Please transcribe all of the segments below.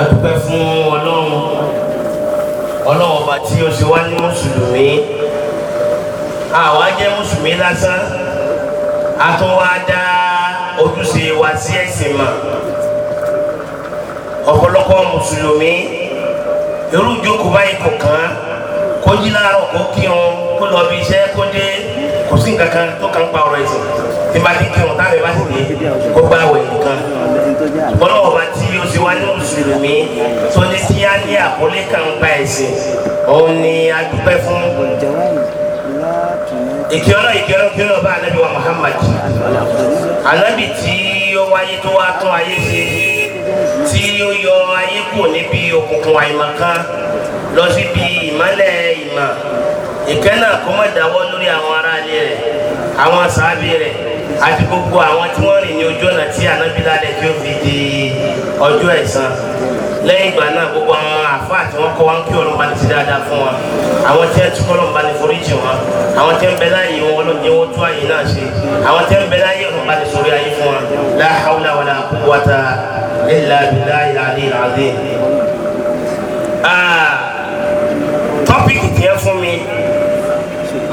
adúpẹ́ fún ọlọ́run ọlọ́run ọba tí ó ṣe wá ní mùsùlùmí àwa jẹ́ mùsùlùmí lásán a tún wá dá ojúṣe wa sí ẹ̀sìn mọ́ ọ̀pọ̀lọpọ̀ mùsùlùmí irú ìjókòó báyìí kò kàn kó jí láàárọ̀ kó kírun kó lọ bí iṣẹ́ kó dé kò sí nǹkan kan tó kàn ń pa ọ̀rọ̀ ẹ̀sìn tí bá ti kírun táwọn ẹ̀ bá sì dé kó gbá àwẹ̀ nìkan sí wa ní mùsùlùmí tó ní kí á ní àkọlé kan gba ẹ̀sìn òun ni a fún ìkíọ́nà ìkíọ́nà ìkíọ́nà bá anabi wa Muhammad anabi tí ó wáyé tó wá tún ayé ṣe tí ó yọ ayé kúrò níbi òkùnkùn àìmọ̀kan lọ síbi ìmọ́lẹ̀ ìmọ̀ ìkẹ́nà kó lórí àwọn aráalé rẹ̀ àwọn sàábì rẹ̀ àti gbogbo àwọn tí wọ́n rìn ní ojú ọ̀nà tí anabi lálẹ́ tí ó fi di ọjọ́ ẹ̀san lẹ́yìn ìgbà náà gbogbo àwọn àfa àti wọn kọ́ wa ń kí ọlọ́run bá ti dáadáa fún wa àwọn tí wọ́n ti kọ́ ọlọ́run bá ní foríjì wọn àwọn tí wọ́n bẹ láàyè wọn ọlọ́run ní wọ́n tún àyè náà ṣe àwọn tí wọ́n bẹ láàyè ọlọ́run ní sórí ayé fún wa la hawla wala quwwata illa billahi al-aliyyil azim. tọ́pìkì tiẹ̀ fún mi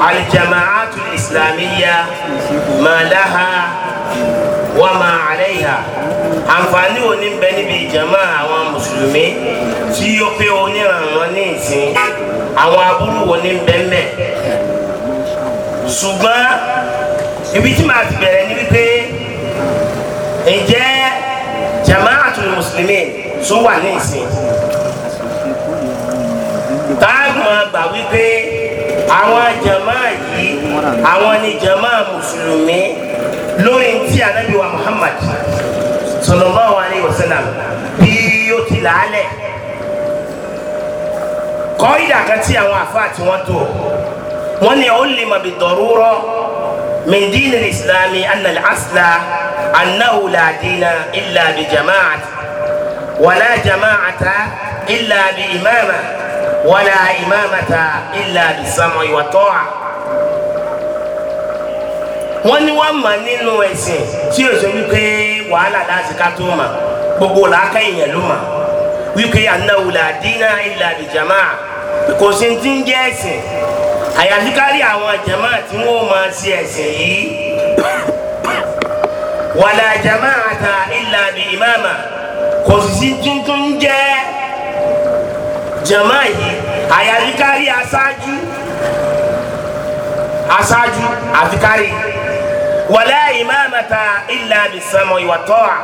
al-jama'atul islamiyya ma laha wa àǹfààní wo ni ń bẹ níbi ìjàmá àwọn mùsùlùmí tí ó pé onírànwọ́n ní ìsìn àwọn aburú wo ni ń bẹ ń bẹ ṣùgbọ́n ibi tí màá ti bẹ̀rẹ̀ ni wípé ǹjẹ́ jama'atul muslimin tún wà ní ìsìn táàgbọ̀n gbà wípé àwọn jama'a yìí àwọn ni jama'a mùsùlùmí lórí tí ànábì Muhammad sallallahu alaihi wasallam bí ó ti làálẹ̀ kọ́ ìdàkan tí àwọn àfáà tí wọ́n tó wọ́n ní ó lè mọ̀ bí darura min din al-islami anna al-asla annahu la dina illa bi jama'at wala jama'ata illa bi imama wala imamata illa bi sam'i wa ta'a wọ́n ní wọ́n mọ̀ nínú ẹ̀sìn tí yóò sọ wípé wàhálà láti ká tó mà gbogbo làákà èèyàn ló mà wípé anáwó là dínà ìlà àdìjàmá kò sí ti ń jẹ́ ẹ̀sìn àyàfi kárí àwọn jàmá tí wọ́n máa ṣe ẹ̀sìn yìí wàlà jàmá àtà ìlà àbí ìmáàmà kò sì sí tuntun jẹ́ jàmá yìí àyàfi kárí aṣáájú aṣáájú àfi kárí wàlá ìmáàmàta ìlà bisamọ ìwà tọ́à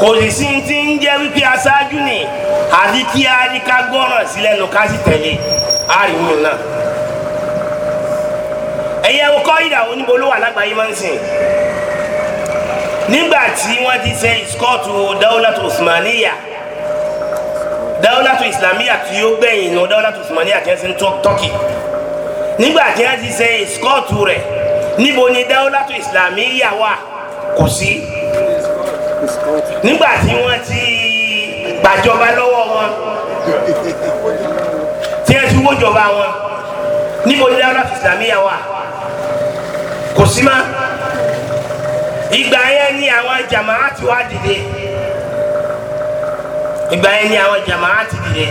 kò sì sí ti ń jẹ́ wípé aṣáájú ni àti kí a ní ká gbọ́ràn sílẹ̀ nù ká sì tẹ̀lé àríwú náà ẹ̀yẹ wò kọ́ ìdà oníbo ló wà lágbàáyé máa ń sìn nígbà tí wọ́n ti ṣe ìsikọ́ọ̀tù dáwọ́látò Usmaniya dáwọ́látò Islamiyya tí ó gbẹ̀yìn nù dáwọ́látò Usmaniya tí tọ́kì nígbà tí wọ́n ti ṣe ìsikọ́ọ̀tù rẹ̀ níbo ni dáwọ́látò ìsìlámíyà wà kò sí nígbà tí wọ́n ti gbàjọba lọ́wọ́ wọn tí wọ́n ti wójọba wọn níbo ni dáwọ́látò ìsìlámíyà wà kò sí má ìgbà yẹn ni àwọn jamaa ti wá dìde ìgbà yẹn ni àwọn jamaa ti dìde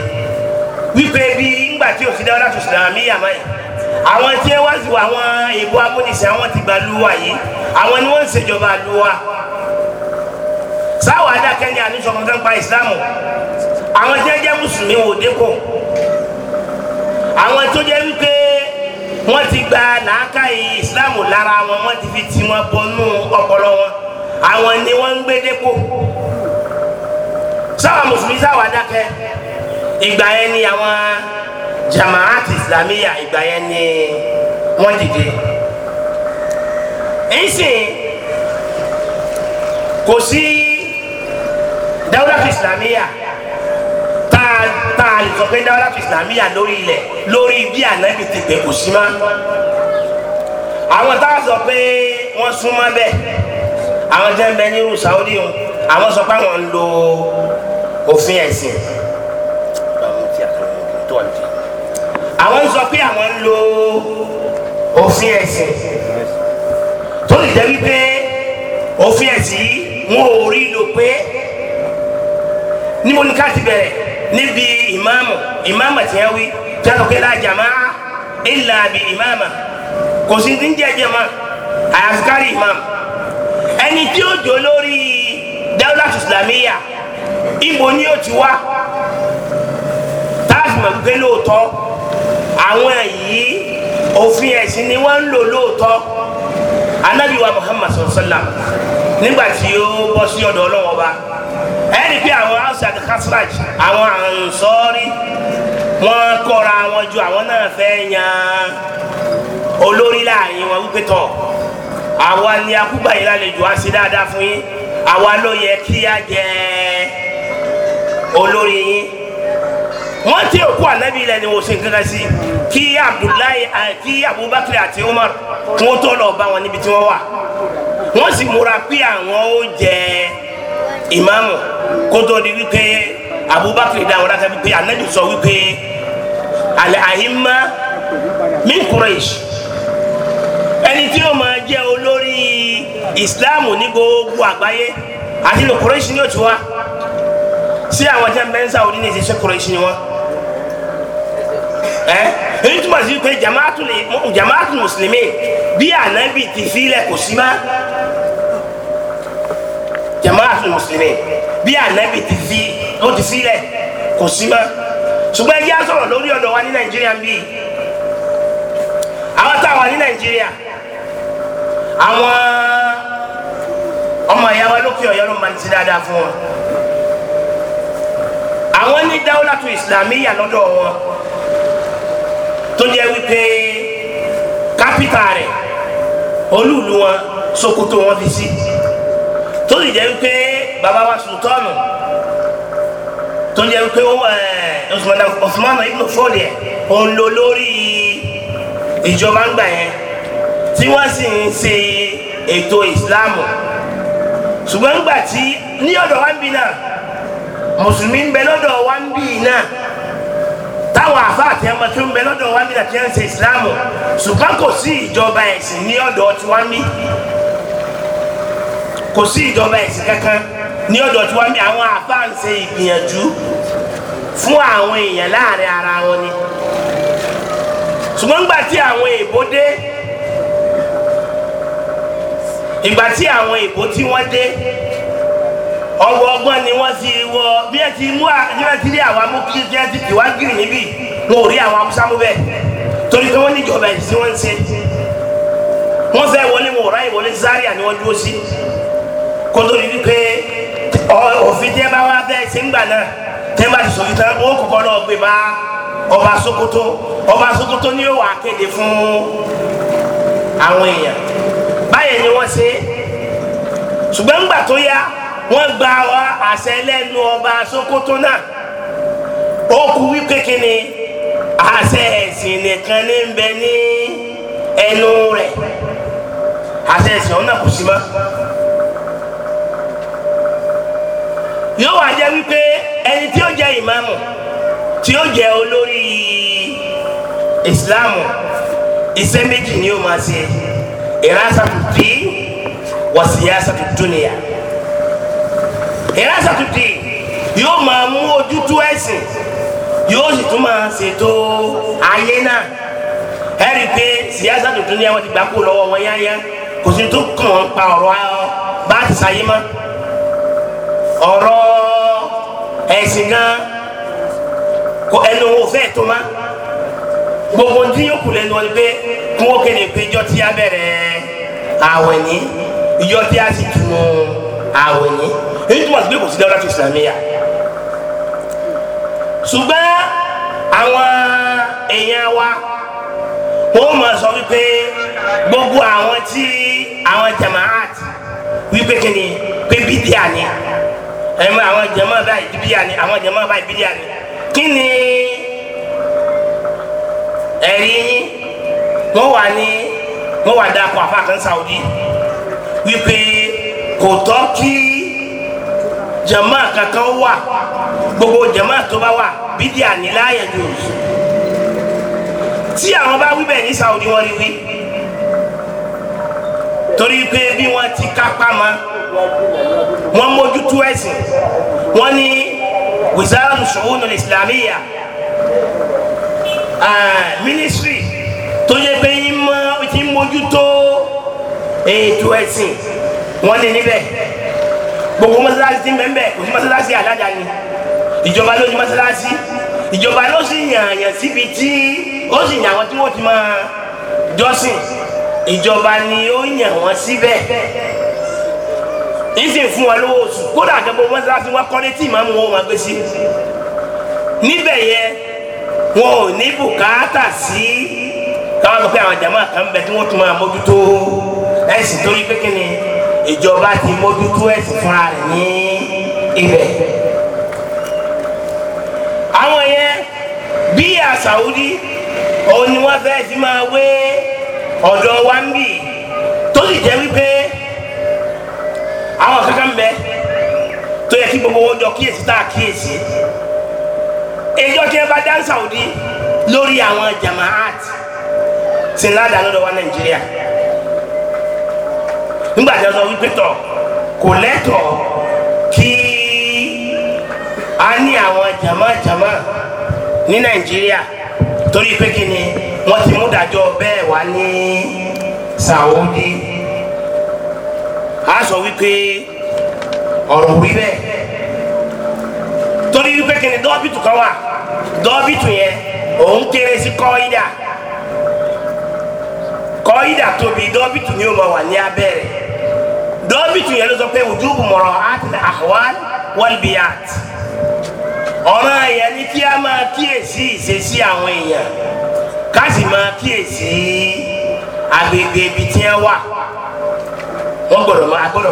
wípé bí ńgbà òsì dáwọ́látò ìsìlámíyà máa yẹ àwọn tí ẹ wá sí àwọn ìbò amúnisìn àwọn ti gba luwa yìí àwọn ni wọ́n ń ṣèjọba luwa sáwọn adákẹ́ni àníṣọkọ̀tàn pa ìsìlámù àwọn tí ẹ jẹ́ mùsùlùmí wò dẹ́kọ̀ àwọn tó jẹ́ wípé wọ́n ti gba làákàyè ìsìlámù lára wọn wọ́n ti fi ti wọn bọnú ọpọlọ wọn àwọn ni wọ́n ń gbé dẹ́kọ̀ sáwọn mùsùlùmí sáwọn adákẹ́ ìgbà yẹn ni àwọn jamaat islamiya ìgbà yẹn ni wọ́n dìde ẹ̀sìn kò sí dawudat islamiya tá a lè sọ pé dawudat islamiya lórí ilẹ̀ lórí bí ànábì ti gbẹ kò sí mọ́ àwọn táwọn sọ pé wọ́n súnmọ́ bẹ́ẹ̀ àwọn jẹ́ ń bẹ ní irú Saudi wọn àwọn sọ pé àwọn ń lo òfin ẹ̀sìn. àwọn ń sọ pé àwọn ń lo òfin ẹ̀sìn tó lè jẹ́ wípé òfin ẹ̀sìn yìí wọn ò rí lò pé níbo ni ká ti bẹ̀rẹ̀ níbi ìmáàmù ìmáàmù tí wọ́n wí tí wọ́n sọ pé láàjà máa ìlà àbí ìmáàmù kò sí ní jẹ́jẹ́ mọ́ àyàfikárì ìmáàmù ẹni tí ó jò lórí dáwùlátù islamiyà ibo ni ó ti wá táàfù mọ̀ pé lóòótọ́ àwọn yìí òfin ẹ̀sìn ni wọ́n ń lò lóòótọ́ anabi wa muhammad sallam nígbà tí ó bọ́ sí ọ̀dọ̀ ọlọ́wọ́n ọba ẹ̀rí pé àwọn outside khasraj àwọn ànsọ́rí wọ́n kọ́ra wọn ju àwọn náà fẹ́ yan olórí láàyè wọn wípé tọ̀ àwa ni akúgbà lálejò á sí dáadáa fún yín àwa ló yẹ kí á jẹ olórí yín wọ́n tí òkú ànábì ilẹ̀ ni wọ́n ṣe nǹkan kan sí kí abdullahi kí abubakar àti umar kí wọ́n tó lọ bá wọn níbi tí wọ́n wà wọ́n sì múra pé àwọn ó jẹ ìmáàmù kó tó di wípé abubakar dáhùn rákà wípé ànábì sọ wípé alẹ́ àhímá min Quraysh ẹni tí ó máa jẹ́ olórí ìsìláàmù ní gbogbo àgbáyé àti lọ Quraysh ni ó ti wá sí àwọn jẹ́ mẹ́ńsà òdì ní ìṣiṣẹ́ Quraysh ni wọ́n. Eh? èyí ni sí pé jamaatul mùsùlùmí bí ànábì ti sílẹ̀ kò sí má jamaatul mùsùlùmí bí ànábì ti sí ló ti sílẹ̀ kò sí má ṣùgbọ́n wa Nigeria. ọmọ ìyá wa lókè ọ̀yọ́ ló ti fún tó jẹ́ wípé kápítà rẹ̀ olúùlú wọn Sokoto wọn fi sí tó sì jẹ́ wípé bàbá wa Sultanu tó jẹ́ wípé Osman ibn fọ́ọ̀lì ẹ̀ òun ló lórí ìjọba ń gbà yẹn tí wọ́n sì ń ṣe ètò ìsìláàmù ṣùgbọ́n nígbà tí ní ọ̀dọ̀ wa ń bì náà mùsùlùmí ń bẹ lọ́dọ̀ wa ń bì náà táwọn àfa àti ọmọ tó ń bẹ lọ́dọ̀ wa bí àti ẹ̀ ń ṣe ìsìláàmù ṣùgbọ́n kò sí ìjọba ẹ̀sìn ní ọ̀dọ̀ tiwa ń bí kò sí ìjọba ẹ̀sìn kankan ní ọ̀dọ̀ tiwa ń bí àwọn àfa ń ṣe ìgbìyànjú fún àwọn èèyàn láàrin ara wọn ni ṣùgbọ́n nígbà tí àwọn èèbó dé ìgbà tí àwọn èèbó tí wọ́n dé ọwọ́ ọgbọ́n ni wọ́n ti wọ bí ẹ ti mú bí ti rí àwọn amúkíkí ẹ ti kì wá gírì níbí wọn ò rí àwọn wọ́n ní ìjọba ẹ̀ sí Zaria ni wọ́n dúró sí kó tó di wípé òfin tẹ́ bá wá bẹ́ẹ̀ ṣe ń gbà náà tẹ́ bá ti sòfin tán wọ́n kọ̀kọ́ lọ gbé ọba Sokoto ọba Sokoto ni yóò kéde fún àwọn èèyàn báyẹn ni wọ́n ṣe ṣùgbọ́n ńgbà tó wọ́n gba àṣẹ lẹ́nu ọba Sokoto náà ó kú wípé kíni àṣẹ ẹ̀sìn nìkan ní ń bẹ ní ẹnu rẹ̀ àṣẹ ẹ̀sìn ọ̀nà kò sí mọ́. yóò wá jẹ́ wípé ẹni tí ó jẹ́ ìmáàmù tí ó jẹ́ olórí ìsìláàmù iṣẹ́ méjì ni ó máa ṣe ìrásàtútì wàsíyásàtútù nìyà ìrásà tuntun yóò máa mú ojútùú ẹ̀sìn yóò sì tún máa ṣètò ayé náà ẹ̀rí pé síyáṣà tuntun ni àwọn ti gbà kú lọ́wọ́ wọn yáyá kò sí tó kàn wọ́n pa ọ̀rọ̀ bá ti ṣayé mọ́ ọ̀rọ̀ ẹ̀sìn gan kò ẹnu wo fẹ́ tó má gbogbo tí yóò kù lẹ́nu ọdún pé kí wọ́n kéde pé ijọ́ tí a bẹ̀rẹ̀ àwẹ̀ ní ijọ́ tí a sì tunu àwẹ̀ ní èyí tó wà sílẹ̀ kò sí dáwọ́lá tó ìsìlámíyà ṣùgbọ́n àwọn èèyàn wa wọ́n mọ̀ sọ wípé gbogbo àwọn tí àwọn jamaat wípé kí ni pé bídíà ni ẹ̀mọ àwọn jama báyìí bídíà ni àwọn jama báyìí bídíà ni kí ni ẹ̀rí yín wọ́n wà ní wọ́n wà dáko àfa Saudi wípé kò tọ́ kí jama kankan wà gbogbo jama tó bá wà bídíà ní láàyè tí àwọn bá wí bẹ́ẹ̀ ní Saudi wọ́n rí wí torí pé bí wọ́n ti kápá ma wọ́n mójútó ẹ̀sìn wọ́n ní wizaratu shu'un al-islamiyya ah, ministry tó yẹ pé yín mọ́ ti mójútó ètò ẹ̀sìn wọ́n ní níbẹ̀ gbogbo mọ́sálásí ti ń bẹ́ẹ̀ bẹ́ẹ̀ kò sí mọ́sálásí aládàáni ìjọba ló ní mọ́sálásí ìjọba ló sì yànyàn síbi tí ó sì yàn àwọn tí wọ́n ti máa jọ́sìn ìjọba ni ó yàn wọ́n síbẹ̀ yìí sì ń fún wọn lówó oṣù kódà gbogbo mọ́sálásí wọn kọ́lé tí ìmáàmù wọn máa gbé sí níbẹ̀ yẹn wọn ò ní bùkátà sí káwọn pé àwọn jàmáà kan bẹ tí wọ́n tún máa mójútó ẹ̀sìn torí pé kí ni ìjọba ti mójútó ẹ̀sìn fúnra rẹ̀ ní ibẹ̀. àwọn yẹn bí àṣàwùdí òun ni wọ́n fẹ́ẹ́ fi máa wé ọ̀dọ̀ wa ń bì tó sì jẹ́ wípé àwọn kankan bẹ tó yẹ kí gbogbo wọn jọ kíyèsí tá a kíyèsí ìjọ tí ẹ bá dá ṣàwùdí lórí àwọn jamaat tí ńlá dáná nàìjíríà nígbà tí a sọ wípé tọ̀ kò lẹ́tọ̀ kí a ní àwọn jàmájàmá ní nàìjíríà torí pé kí ni wọ́n ti mú dájọ́ bẹ́ẹ̀ wá ní Saudi a sọ wípé ọ̀rọ̀ wí bẹ́ẹ̀ torí wípé kí ni dọ́bìtù kan wà dọ́bìtù yẹn òun kéré sí kọ́ídà kọ́ídà tóbi dọ́bìtù ni ó máa wà ní abẹ́rẹ́ dọ́bìtì yẹn ló sọ pé ojúbù mọ̀rọ̀ àti àhwal wọ́lbíyàt ọ̀ràn yẹn ni kí a máa kíyèsí ìṣesí àwọn èèyàn ká sì máa kíyèsí agbègbè ibi tí wọ́n wà wọ́n gbọ́dọ̀ máa gbọ́dọ̀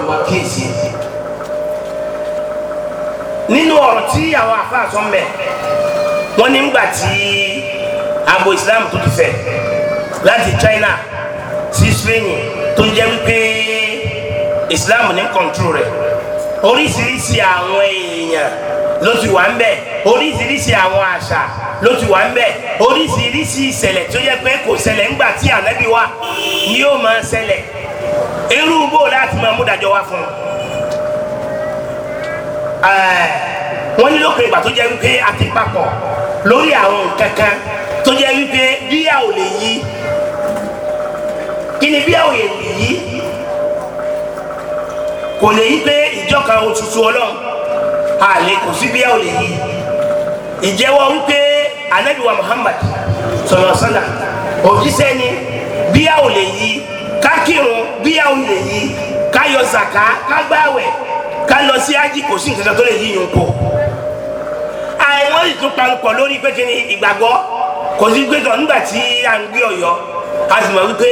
abo Islam tó ti fẹ̀ China sí Spain tó jẹ́ wípé islam ní kọ̀ǹtù rẹ̀ oríṣiríṣi àwọn èèyàn ló ti wà ń bẹ̀ oríṣiríṣi àwọn àṣà ló ti wà ń bẹ̀ oríṣiríṣi ìṣẹ̀lẹ̀ tó yẹ pé kò ṣẹlẹ̀ ńgbà tí ànábì wà ni yóò máa ṣẹlẹ̀ irú bó láti máa mú dájọ́ wá fún un wọ́n ní lókè ìgbà tó jẹ́ wípé a ti papọ̀ lórí àwọn nǹkan kan tó jẹ́ wípé bíyà ò lè yí kí ni bíyà ò lè yí kò lè yí pé ìjọka òtútù ọlọ́run àlè kò sí bíyà ò lè yí ìjẹ́wọ́ ń pé anabiwa Muhammad sọlọ sọlá òjíṣẹ́ ni bíyà ò lè yí kákírun bíyà ò lè yí káyọ zaka kágbáwẹ̀ ká lọ sí ájì kò sí nǹkan tó lè yí yín pọ̀ àwọn ìtúpanukọ̀ lórí pé kí ni ìgbàgbọ́ kò sí pé tọ̀ nígbà tí à ń gbé ọ̀yọ́ a sì mọ̀ wípé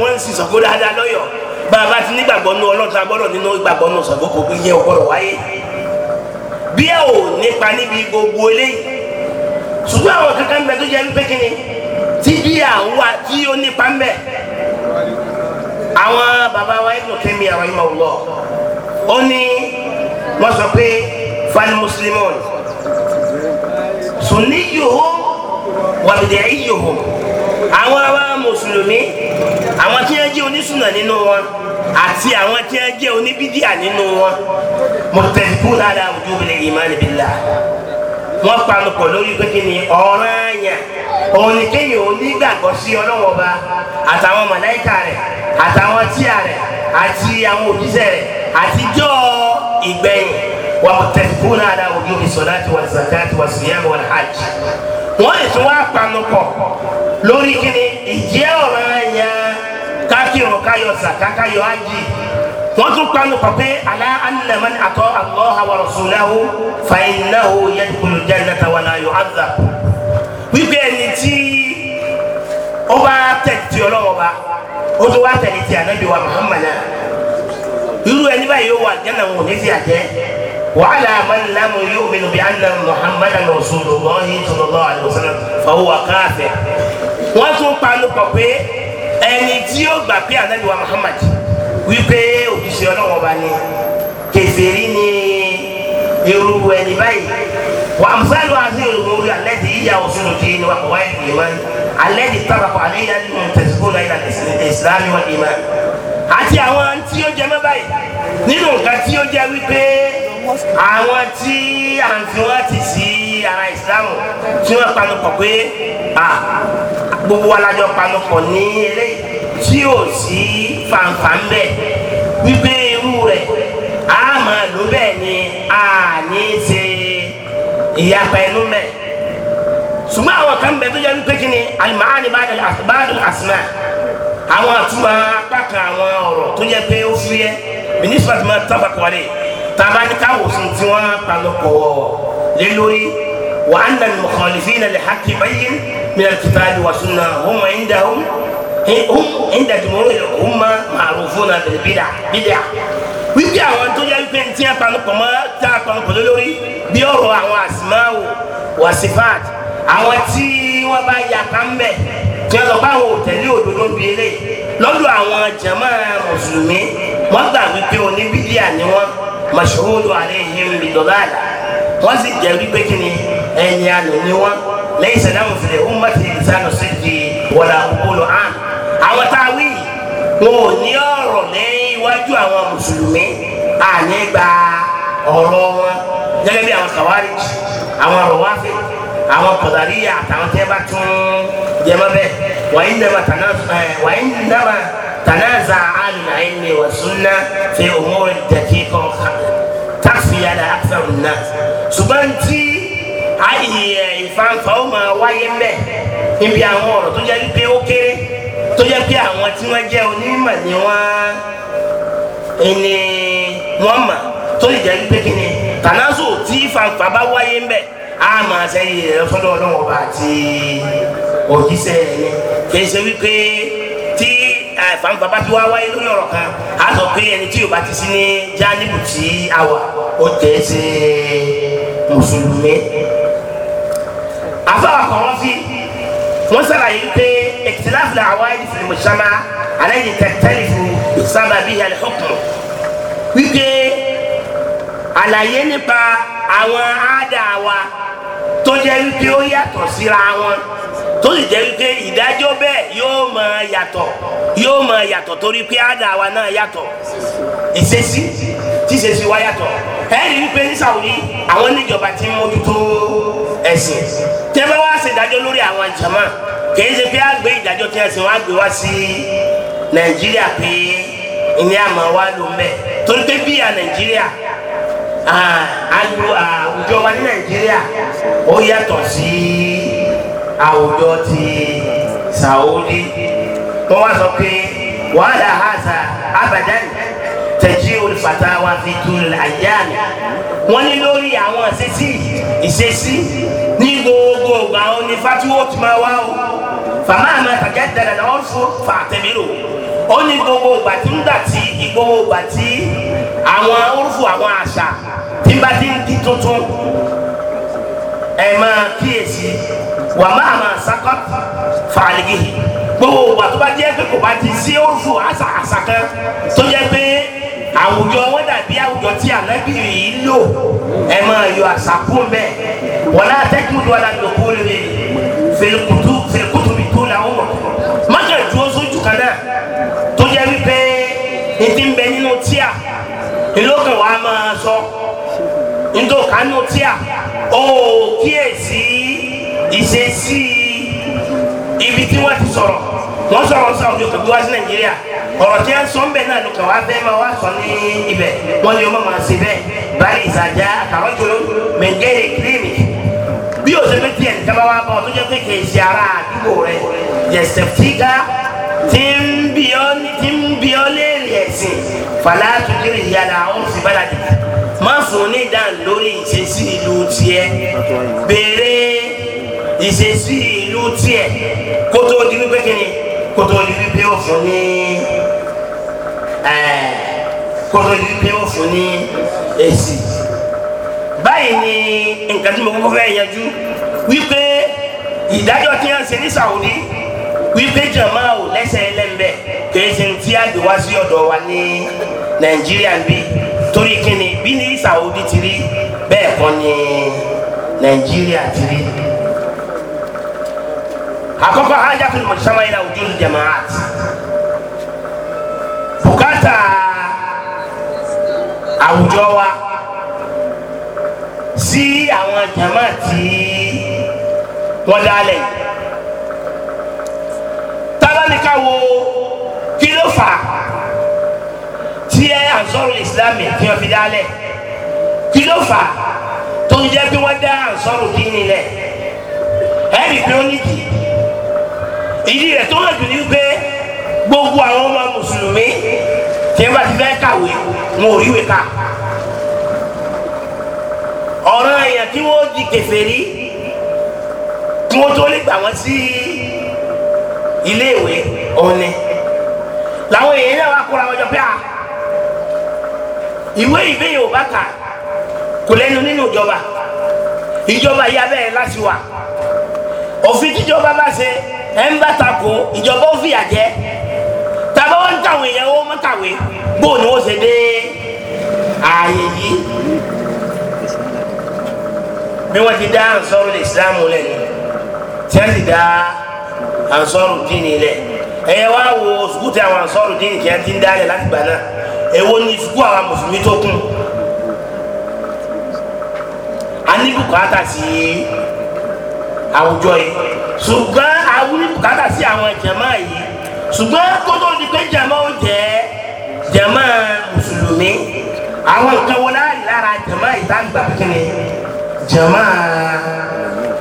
wọ́n ń sọ̀kó dáadáa lọ́yọ̀ọ́ bàbá ti nígbàgbọ́ nù ọlọ́ta gbọ́dọ̀ nínú ìgbàgbọ́ nù Ṣàngó kò yẹ ọgbọ́dọ̀ wáyé bí ẹ ò nípa níbi gbogbo eléyìí ṣùgbọ́n àwọn kankan bẹ tó jẹ́ wípé kíni tí bí àwa tí ó nípa ń bẹ àwọn bàbá wa Ibn Taymiyyah àwọn ìmọ̀ ọ̀lọ́ ó ní wọ́n sọ pé fani muslimon sùn ní yòó wàlùdẹ̀ yòó àwọn àwa mùsùlùmí àwọn tí wọ́n jẹ́ onísùnà nínú wọn àti àwọn tí wọ́n jẹ́ oníbídíà nínú wọn mọ̀tẹ́kù lára àwùjọ ilẹ̀ ìmánì bíllà wọ́n panu pọ̀ lórí pé kí ni ọ̀ràn àyàn òun sí ọlọ́wọ́ ba àtàwọn màláíkà rẹ̀ àtàwọn tíà rẹ̀ àti àwọn òjíṣẹ́ rẹ̀ àtijọ́ ìgbẹ̀yìn wàmùtẹ́kù lára àwùjọ ìsọ̀láti wà zakati wà síyàmù wà hajj wọ́n lè tún wá panupọ̀ lórí kíni ìjẹ́ ọ̀rọ̀ ẹ̀yà kákìrọ̀ káyọ̀ zàká káyọ̀ ájì wọ́n tún panupọ̀ pé alá anamán àtọ́ Allah wa rasulahu fa innahu yadkhulul jannata wípé ẹni tí ó bá tẹ̀tì ọlọ́wọ́ bá ó tún wá tẹ̀lé ti ànábì wa irú ẹni báyìí ó wà jẹ́nà wọn ò ní sí àjẹ́ وعلى من لم يؤمن بأن محمدا رسول الله صلى الله عليه وسلم فهو كافر wọ́n tún panu pọ̀ pé ẹni tí yóò gbà pé anabi wa muhammad wípé òjíṣẹ́ ọlọ́wọ́ bá ní kèfèrí ni irú ẹni báyìí wà á mùsàlù àti olùmọ̀rí alẹ́dì yíyá òṣùlù kì í ni wà wáyé kì í wáyé alẹ́dì tábàkọ̀ àléyá nínú tẹ̀síkò náírà ìsìlámì wà ní ma àti àwọn tí ó jẹ mọ́ báyìí nínú nǹkan tí ó jẹ wípé àwọn tí à ń fi wọ́n ti sí ara ìsìlámù tí wọ́n panupọ̀ pé gbogbo alájọ panupọ̀ ní eléyìí tí ò sí fanfa ń bẹ̀ wípé irú rẹ̀ a máa lò bẹ́ẹ̀ ni a ní ṣe ìyapa ẹnu mẹ́ ṣùgbọ́n àwọn kan bẹ tó jẹ́ wípé kí ni alimaani ba'dal asma àwọn àtúmọ̀ apá kan àwọn ọ̀rọ̀ tó jẹ́ pé ó fúyẹ́ mínísítà tó máa tábàkọ̀ wálé tàbá ní káwòsàn tí wọ́n panukọ̀ lé lórí wa anna al-mukhalifina lil-haqqi bayyin min al-kitabi wa sunnah hum indahum hum inda jumhuril umma ma'rufuna bil-bid'ah bid'ah wípé àwọn tó yẹ wípé tí a panupọ̀ mọ́ tá a panupọ̀ lé lórí bí ọ̀rọ̀ àwọn asma'u wa sifat àwọn tí wọ́n bá yàtá ń bẹ̀ tí wọ́n lọ bá wọn ò tẹ̀lé òdodo bí eléyìí lọ́dọ̀ àwọn jàmáà mùsùlùmí wọ́n gbà wípé ni wọ́n mashuhudu aleihim bidọlala wọn sì jẹ̀bi pé kíni ẹ̀yin àná ni wọn lẹ́yìn sẹlẹm fìlẹ ó má ti sànù sí di wọlá òkúlù àn àwọn tá a wí wọn ò ní ọ̀rọ̀ lẹ́yìn iwájú àwọn mùsùlùmí àní gba ọ̀rọ̀ wọn gẹ́gẹ́ bí àwọn kàwárí àwọn ọ̀rọ̀ wáfẹ àwọn kọ̀dàríyà àtàwọn tẹ́ bá tún jẹmọ́ bẹ́ẹ̀ wàyí nàmà tànà wàyí nàmà tànà zà án àìní wà súnà fi òmùrè dàkí kan káfíà dà àkàrù náà ṣùgbọ́n tí àyè ìfanfà ó máa wáyé mbẹ́ níbi àwọn ọ̀rọ̀ tó jẹ́ pé ó kéré tó jẹ́ pé àwọn tí wọ́n jẹ́ onímọ̀ ni wọ́n ẹni wọ́n mọ̀ tó lè jẹ́ pé kí ni tànà zò tí ìfanfà bá wáyé mbẹ́ a máa sẹ́yìn rẹ̀ fọ́dọ̀ ọlọ́wọ́n bá ti òjíṣẹ́ yẹn kì í ṣe wípé tí eh, fanfa bá ti wá wáyé lórí ọ̀rọ̀ kan a sọ pé ẹni tí o bá ti sí ní jálíbù tí a wà ó tẹ̀ ẹ́ ṣe mùsùlùmí. afa àkọ́wọ́ fi wọ́n sàlàyé pé ìtìláfù la àwa yìí fi mùsàmá alẹ́ yìí tẹ̀tẹ́lifù sábà bíi alẹ́ hókùn wípé àlàyé nípa àwọn àádá wa tó jẹ́ wípé ó yàtọ̀ síra wọn tó sì jẹ́ wípé ìdájọ́ bẹ́ẹ̀ yóò máa yàtọ̀ yóò máa yàtọ̀ torí pé àádá wa náà yàtọ̀ ìṣesí tí ìṣesí wa yàtọ̀ ẹ̀rí wípé ní Saudi àwọn níjọba ti ń mójútó ẹ̀sìn tẹ́ bá wá ṣe ìdájọ́ lórí àwọn jama kìí ṣe pé àgbẹ̀ ìdájọ́ tí ẹ̀sìn wa gbé wá sí Nàìjíríà pé ìní àmọ́ wa ló mẹ́ torí pé bíyà Nàìjíríà alu àwùjọ wa ní nàìjíríà ó yàtọ̀ sí àwùjọ ti sàwọ́dí wọ́n wá sọ pé wàhálà hàzà abadan tẹ̀jí olùfàtà wa fi tún àyàn wọ́n ní lórí àwọn ìṣesí ìṣesí ní gbogbo ògbà àwọn ní fatiwo tó máa wá o fàmà àmà tàjà dara náà wọ́n fún fàtẹ́mìrò ó ní gbogbo ògbà tí ń gbà tí gbogbo ògbà tí àwọn orúfù àwọn àṣà tí n bá ti ń kí tuntun ẹ máa kíyèsí wà máa máa sakọ fàlìgì gbogbo wa tó bá jẹ́ pé kò bá ti sí oṣù àṣà àṣà kan tó jẹ́ pé àwùjọ wọn dàbí àwùjọ tí ànábì yìí lò ẹ máa yọ àṣà kún bẹ́ẹ̀ wọlé atẹ́kùnrin wà láti òkú rẹ̀ fèrèkùtù fèrèkùtù mi tó làwọn mọ̀ má kàn dúró sójú kan náà tó jẹ́ wípé ètí ń bẹ nínú tíà ìlú kan wàá máa sọ. So ndo kanu tíà ó kíyèsí ìṣesí ibi tí wọ́n ti sọ̀rọ̀ wọ́n sọ̀rọ̀ sáwọn yóò tóbi wá sí nàìjíríà ọ̀rọ̀ tí wọ́n sọ ń bẹ̀ náà ló kàn wá fẹ́ máa wá sọ ní ibẹ̀ wọ́n ní o má máa ṣe bẹ́ẹ̀ báyìí ìsàjà àtàwọn jòló mẹ̀ngẹ́rẹ́ kírìmì bí o ṣe fi tiẹ̀ ní kaba wá bá ọ tó jẹ́ pé kìí ara àdúgbò rẹ yẹsẹ̀ fíga ti ń bí ọ léèrè ẹ̀sìn fàlàtúndínlẹ̀ yàrá ó sì bá má fún ní dàn lórí ìṣesí ìlú tiẹ̀ béèrè ìṣesí ìlú tiẹ̀ kótó di wípé kíni kótó di wípé ó fún ní eh, kótó di wípé ó fún ní èsì báyìí ni nǹkan tí mo kọ́kọ́ fẹ́ yanjú wípé ìdájọ́ tí wọ́n ń ṣe ní Saudi wípé jàmá ò lẹ́sẹ̀ ẹlẹ́mbẹ̀ kì í ṣe ti àgbéwá sí ọ̀dọ̀ wa ní Nàìjíríà bíi torí kíni bí ní Saudi ti rí bẹ́ẹ̀ kọ́ ni Nàìjíríà ti rí àkọ́kọ́ hajatul mujtama ila wujud jamaat bùkátà àwùjọ wa sí àwọn jamaat tí wọ́n dálẹ̀ tálálíkà wo kí ló fà á tí ẹ ansọrù islam fi hàn fi dálẹ kí ló fà tó ń jẹ pé wọn dá ansọrù kí ni lẹ ẹ rí pé ó ní kí ìdí rẹ tó hàn jù ní pé gbogbo àwọn ọmọ mùsùlùmí tí ẹ bá ti fẹ́ kàwé wọn ò ríwèé kà ọ̀ràn èèyàn kí wọ́n di kèfèrí kí wọ́n tó lè gbà wọ́n sí iléèwé ọ̀nẹ́ làwọn èèyàn náà wá kóra wọn jọ pé à ìwé ìwé yorùbá kà kò lẹ́nu nínú ìjọba ìjọba yà bẹ́ẹ̀ láti wà òfin tíjọba bá ṣe ẹ̀ ń bá takò ìjọba ó fìyà jẹ tàbá wọn tàwé yẹn wọn mọ́tàwé bóun ni wọ́n ṣe dé ààyè yìí bí wọ́n ti dá ànsọ́rù ìsìlámù lẹ̀ ni tí wọ́n ti dá ànsọ́rù dínì lẹ̀ ẹ̀yẹ wá wo sùkúù àwọn ànsọ́rù dínì kí wọ́n ti ń dálẹ̀ láti gbà náà èwo ni ìfikú àwọn mùsùlùmí tó kún a ní bùkátà sí àwùjọ yìí ṣùgbọ́n àwọn ní bùkátà sí àwọn jàmá yìí ṣùgbọ́n kótó ni pé jàmá ó jẹ́ jàmá mùsùlùmí àwọn nǹkan wọlé àìlára jàmá yìí tá gbà kíni jàmá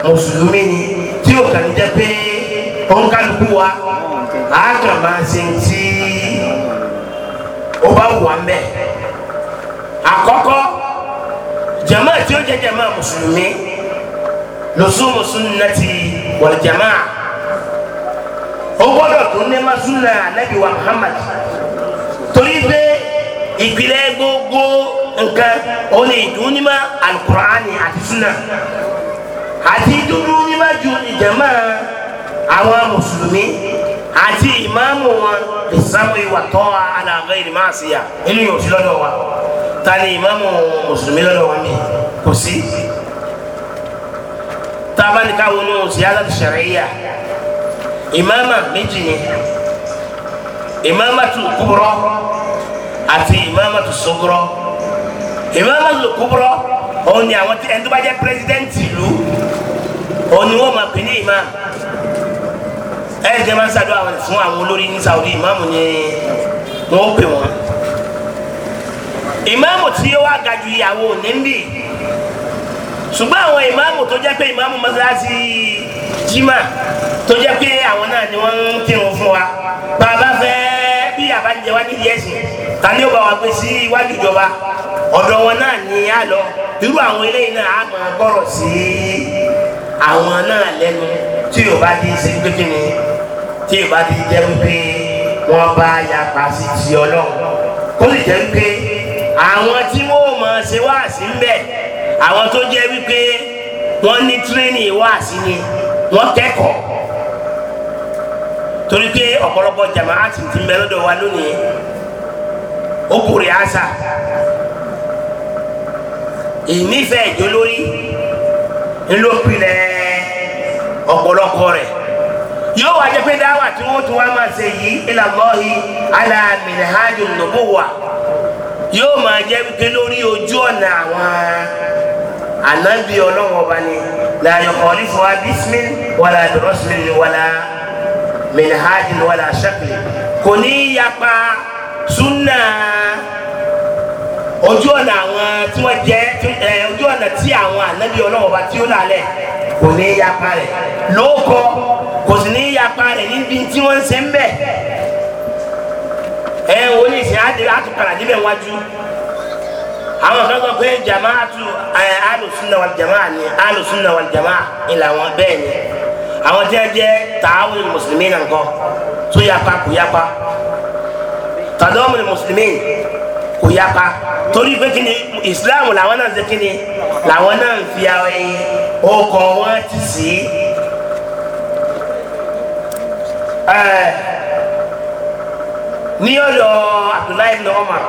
mùsùlùmí ni tí ó kàn jẹ́ pé ó ń kálukú wa àá kàn máa ti ó bá wù wá mbẹ àkọ́kọ́ jama tí ó jẹ́ jama mùsùlùmí lusumu sunnati wal jamaa ó gbọ́dọ̀ tó nẹma sunna anabi wa muhammad torí pé ìpìlẹ̀ gbogbo nǹkan ó lè dùn alukur'ani àti sunna àti dúdú ju ìjàmbá àwọn mùsùlùmí àti ìmáàmù wọn bisamu ìwà tọ́ ala ghairi ma'siya inú yóò sí lọ́dọ̀ wa ta ni ìmáàmù mùsùlùmí lọ́dọ̀ wa mi kò sí tabani káwọn ní siyasa sariya ìmáàmà méjì ni ìmáàmàtu kubra àti ìmáàmàtu sugra ìmáàmàtu kubra òun ni àwọn ẹni tó bá jẹ́ pírẹsidẹ́ǹtì ìlú òun ni wọ́n máa pè ní ìmáàmù ẹ ẹ jẹ́ máa ń ṣàdúrà wọn fún àwọn olórí ní Saudi ìmáàmù ni wọ́n ó pè wọ́n ìmáàmù tí ó wá ga ju ìyàwó òní ń bì ṣùgbọ́n àwọn ìmáàmù tó jẹ́ pé ìmáàmù mọ́sálásí jimá tó jẹ́ pé àwọn náà ni wọ́n ń kírun fún wa bàbá fẹ́ bí àbájẹ wá nídìí ẹ̀sìn ta ni ó bá wa gbé sí iwájú ìjọba ọ̀dọ̀ wọn náà ni a lọ irú àwọn eléyìí náà a máa gbọ́rọ̀ sí àwọn náà lẹ́nu tí yóò bá dé sí pé kí ni tí ìbá ti jẹ́ wípé wọ́n bá yapa sí ti ọlọ́run kó sì jẹ́ wípé àwọn tí wọ́n mọ̀ ṣe wáàsí ń bẹ̀ àwọn tó jẹ́ wípé wọ́n ní tírénì wáàsí ni wọ́n kẹ́kọ̀ọ́ torí pé ọ̀pọ̀lọpọ̀ jàmáàtì ti ń lọ́dọ̀ wa lónìí ó kórè àṣà ìnífẹ̀ẹ́ ìjólórí ńlọpìlẹ̀ ọ̀pọ̀lọpọ̀ rẹ̀ yóò wá jẹ́ pé dáwà tí wọ́n tún wá máa ṣe yìí ilallahi ala minhaj an-nubuwwah yóò máa jẹ́ wípé lórí ojú ọ̀nà àwọn ànábì ọlọ́wọ́n ọba ni la yukhalifuha bismin wala birasmin wala minhaj wala shakl kò ní yapa súnà ojú ọ̀nà àwọn tí wọ́n jẹ́ eh, ojú ọ̀nà tí àwọn ànábì ọlọ́wọ́n ọba tí ó lálẹ́ kò ní yapa rẹ̀ lóòkọ kò sì ní yapa rẹ̀ níbi tí wọ́n ń ṣe ń bẹ̀ ẹ wo ní ìsìn àdìrẹ àtúkàrà níbẹ̀ wájú àwọn kan sọ pé jamaatu ẹ alùsùnà wàlì jamaa ni alùsùnà wàlì jamaa ìlà wọn bẹ́ẹ̀ ni àwọn tí wọ́n jẹ́ tààwé mùsùlùmí nà ń kọ́ tó yapa kò yapa tàdọ́mù mùsùlùmí kò yapa torí pé kí ni islam làwọn náà ṣe kí ni làwọn náà ń fi àwọn ẹyin ọkọ wọn ti sí. ní ọ̀dọ̀ abdullahi ibn umar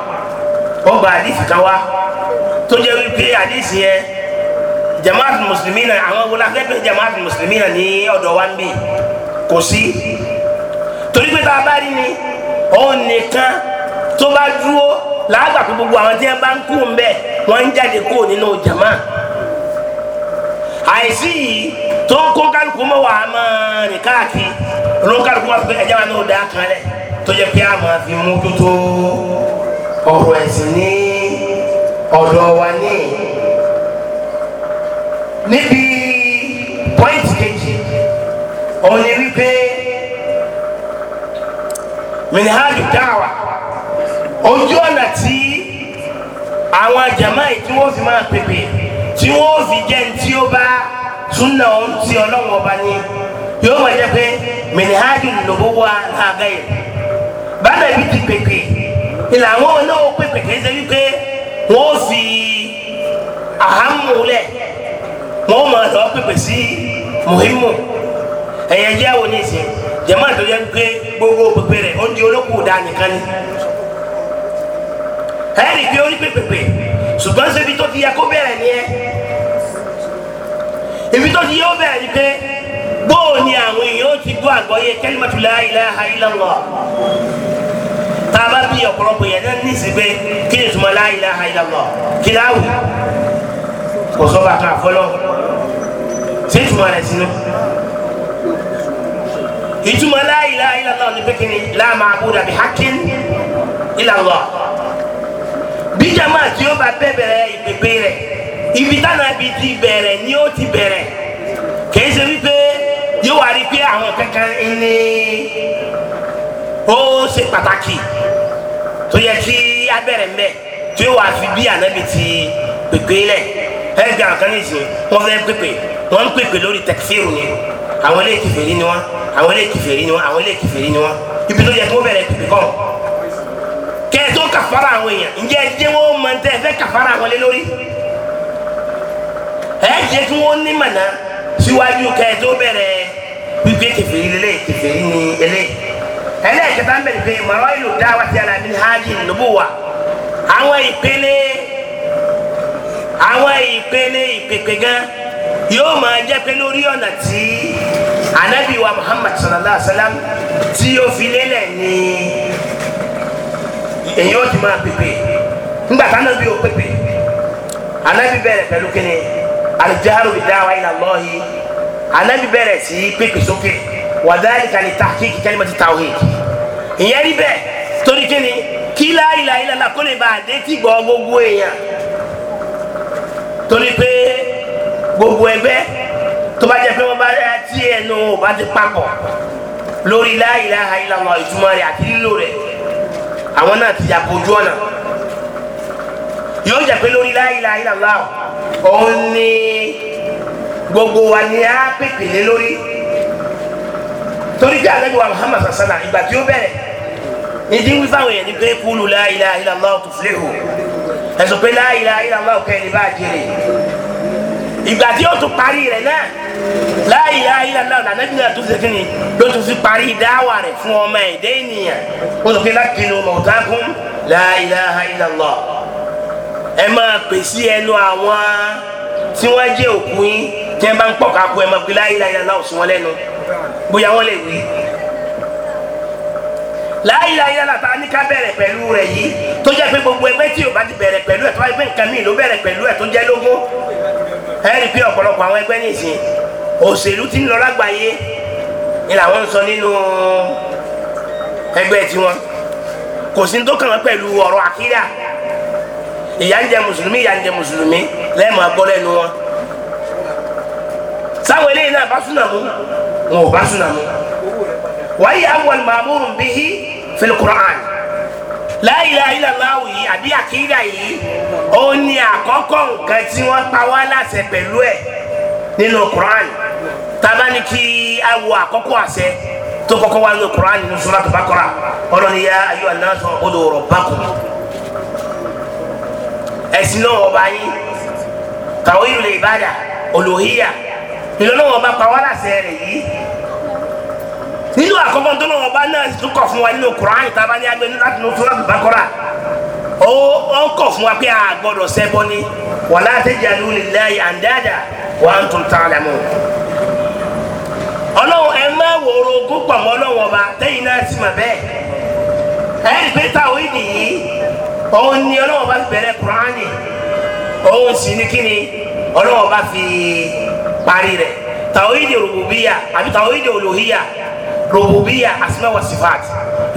wọ́n gba àdìsí kan wá tó jẹ́ wípé àdìsí yẹn jamaat muslimi na àwọn wọlé akẹ́kẹ́ jamaat muslimi na ní ọ̀dọ̀ wa ń bì kò sí torí pé tá a bá rí ni òun nìkan tó bá dúró láàgbà pé gbogbo àwọn tí wọ́n bá ń kú ń bẹ̀ wọ́n ń jáde kó nínú jàmá àìsí yìí tó ń kó kálukú mọ́ wàá máa rìn káàkiri ló kálukú wá pé ẹ̀jẹ̀ wa náà dáa kan lẹ̀ tó yẹ kí a máa fi mójútó ọ̀rọ̀ ẹ̀sìn ní ọ̀dọ̀ wa ní níbi pọ́ìntì kejì òun ni wípé minhaju dáwà ojú ọ̀nà tí àwọn jama yìí tí wọ́n fi máa pèpè tí wọ́n fi jẹ́ tí ó bá súnà ọ̀hún tí ọlọ́run ọba ní yóò máa jẹ́ pé mìnìhájú lòbó wa àga yìí bàbá ibi ti pèpè ìlà àwọn onáwó pèpè kìí ṣe wípé wọ́n fi àhámúlẹ̀ wọ́n máa lọ pèpè sí muhimmu ẹ̀yẹ àwọn oníṣẹ́ jẹ́mọ́ àtọ́jẹ́ pé gbogbo pèpè rẹ̀ ó di olókùú dáa nìkan ni ẹ rí i pé ó ní pèpèpè ṣùgbọ́n ṣe ibi tó ti yẹ kó bẹ̀rẹ̀ ni ẹ ibi tó ti yẹ ó bẹ̀rẹ̀ ni pé bóò ni àwọn èèyàn ó ti gbọ́ àgbọ́yé kalimatu la ilaha illallah tá a bá bí ọ̀pọ̀lọpọ̀ yẹn náà ní ìsìnkú kí ni ìtumọ̀ la ilaha illallah kí láwù kò sọ́ba kan àfọlọ́ ṣé ìtumọ̀ rẹ̀ sínú ìtumọ̀ la ilaha illallah ni pé kí ni la ma'buda bihaqqin illallah bíjàmá tí ó bá bẹ́ bẹ̀rẹ̀ ìpèpè rẹ̀ ibi táwọn ibi ti bẹ̀rẹ̀ ni ó ti bẹ̀rẹ̀ kìí ṣe wípé yóò wá rí pé àwọn kankan ní ó ṣe pàtàkì tó yẹ kí abẹ́rẹ́ mbẹ́ tí ó wá fi bí ànábì ti pèpè rẹ̀ ẹ̀ gbé àwọn kan ní ìsìn wọ́n fẹ́ pèpè wọ́n ń pèpè lórí tẹ̀kífìrù ni àwọn ilé ìkìfèrí ni wọ́n àwọn ilé ìkìfèrí ni wọ́n àwọn ilé ìkìfèrí ni wọ́n ibi tó yẹ kó bẹ̀rẹ̀ pèpè kọ́ kàfàrà àwọn èèyàn ǹjẹ́ ẹjẹ́ wọn mọ tẹ́ ẹ fẹ́ kàfàrà àwọn lé lórí ẹ jẹ́ kí wọ́n ní mọ̀nà síwájú ká ẹ tó bẹ̀rẹ̀ wípé kẹfìrí lélẹ̀ kẹfìrí ni ẹlẹ́ ẹlẹ́ẹ̀kẹta ń bẹ̀rẹ̀ pé mọ̀rọ́ ìlú dáwà tí a nà ní hajj nùbù wa àwọn ìpele àwọn ìpele ìpèpè gan yóò máa jẹ́ pé lórí ọ̀nà tí anabi Muhammad sallallahu alaihi wa sallam tí yóò fi lélẹ̀ ní èyí ó ti máa pèpè ńgbà tánábì ò pèpè ànábì bẹ̀rẹ̀ pẹ̀lú kíni alijaharu bi dáwà ilà lọ́hì ànábì bẹ̀rẹ̀ sí pèpè sókè wàdáyé kàní tahqiq kalimati tawhid ìyẹn rí bẹ́ẹ̀ torí kíni kí la ilaha illallah kó lè bá a dé tí gbọ́ gbogbo èèyàn torí pé gbogbo ẹgbẹ́ tó bá jẹ́ pé wọ́n bá tí ẹnu ò bá ti papọ̀ lórí la ilaha illallah ìtumọ̀ rẹ̀ àti lílo rẹ̀ àwọn náà ti yàgò ojú ọ̀nà yóò jẹ́ pé lórí la ilaha illallah òun ni gbogbo wa ni a pèpè lé lórí torí pé àlejò wa Muhammad sasana ìgbà tí ó bẹ̀rẹ̀ ìdí wí fáwọn èèyàn ni pé kúlù la ilaha illallah tuflihu ẹ̀sùn pé la ilaha illallah kẹ́ ẹ̀ ní bá jèrè ìgbà tí yóò tún parí rẹ̀ náà la ilaha illallah lànà bí náà tó ti sèkìní ló tún fi parí dáwà rẹ̀ fún ọmọ ẹ̀dẹ́ ènìyàn ó sọ pé lákìlú mọ̀tàkùn la ilaha illallah ẹ máa pèsè ẹnu àwọn tí wọ́n jẹ́ òkú yín tí wọ́n bá ń pọ̀ kakú ẹ máa pè la ilaha illallah òsùn wọn lẹ́nu bóyá wọ́n lè wí láyìláyà làtà ní ká bẹ̀rẹ̀ pẹ̀lú rẹ̀ yìí tó jẹ́ pé gbogbo ẹgbẹ́ tí o bá ti bẹ̀rẹ̀ pẹ̀lú ẹ̀ tó wáyé pé nǹkan mìíràn ló bẹ̀rẹ̀ pẹ̀lú ẹ̀ tó jẹ́ lógún ẹ rí i pé ọ̀pọ̀lọpọ̀ àwọn ẹgbẹ́ nìsín òṣèlú tí ń lọ lágbàáyé ni làwọn ń sọ nínú ẹgbẹ́ tiwọn kò sí tó kàn wọ́n pẹ̀lú ọ̀rọ̀ àkídà ìyà ń jẹ mùsùlùmí ìyà ń jẹ mùsùlùmí lẹ́ẹ̀mọ́ agbọ́ lẹ́nu wọn sáwọn eléyìí náà bá súnà mú wọn ò bá súnà mú wáyé àwọn màmúrùn bíi fil Qur'an la ilaha illallah yìí àbí àkídà yìí ó ní àkọ́kọ́ nǹkan tí wọ́n pa wá láṣẹ pẹ̀lú ẹ̀ nínú Qur'an taba ni kí a wo àkọ́kọ́ àṣẹ tó kọ́kọ́ wá nínú Qur'an nínú Suratul Baqarah ọlọ́ni ya ayyuhan nas u'budu rabbakum ẹ̀sìn náà ọba yín tawhidul ibada uluhiyya ìlú náà ọba pa wá láṣẹ rẹ̀ yìí nínú àkọ́kọ́ tó lọ́wọ́ bá náà tó kọ̀ fún wa nínú Kùránì tá bá ní agbẹ́ nínú láti nùtú láti Bákọ́rà ó ń kọ̀ fún wa pé a gbọ́dọ̀ ṣẹbọ ni wala tajalu lillahi andada wa antum ta'lamun ọlọ́run ẹ má wòrò ogún pọ̀ mọ́ ọlọ́run ọba tẹ́yìn náà ti mà bẹ́ẹ̀ ẹ rí pé táwọn ìdí yìí òun ni ọlọ́run ọba bẹ̀rẹ̀ Kùránì òun sì ní kíni ọlọ́run ọba fi parí rẹ̀ tàwídì rùbùbíyà àbí tàwídì olùhíyà rububiya asma wa sifat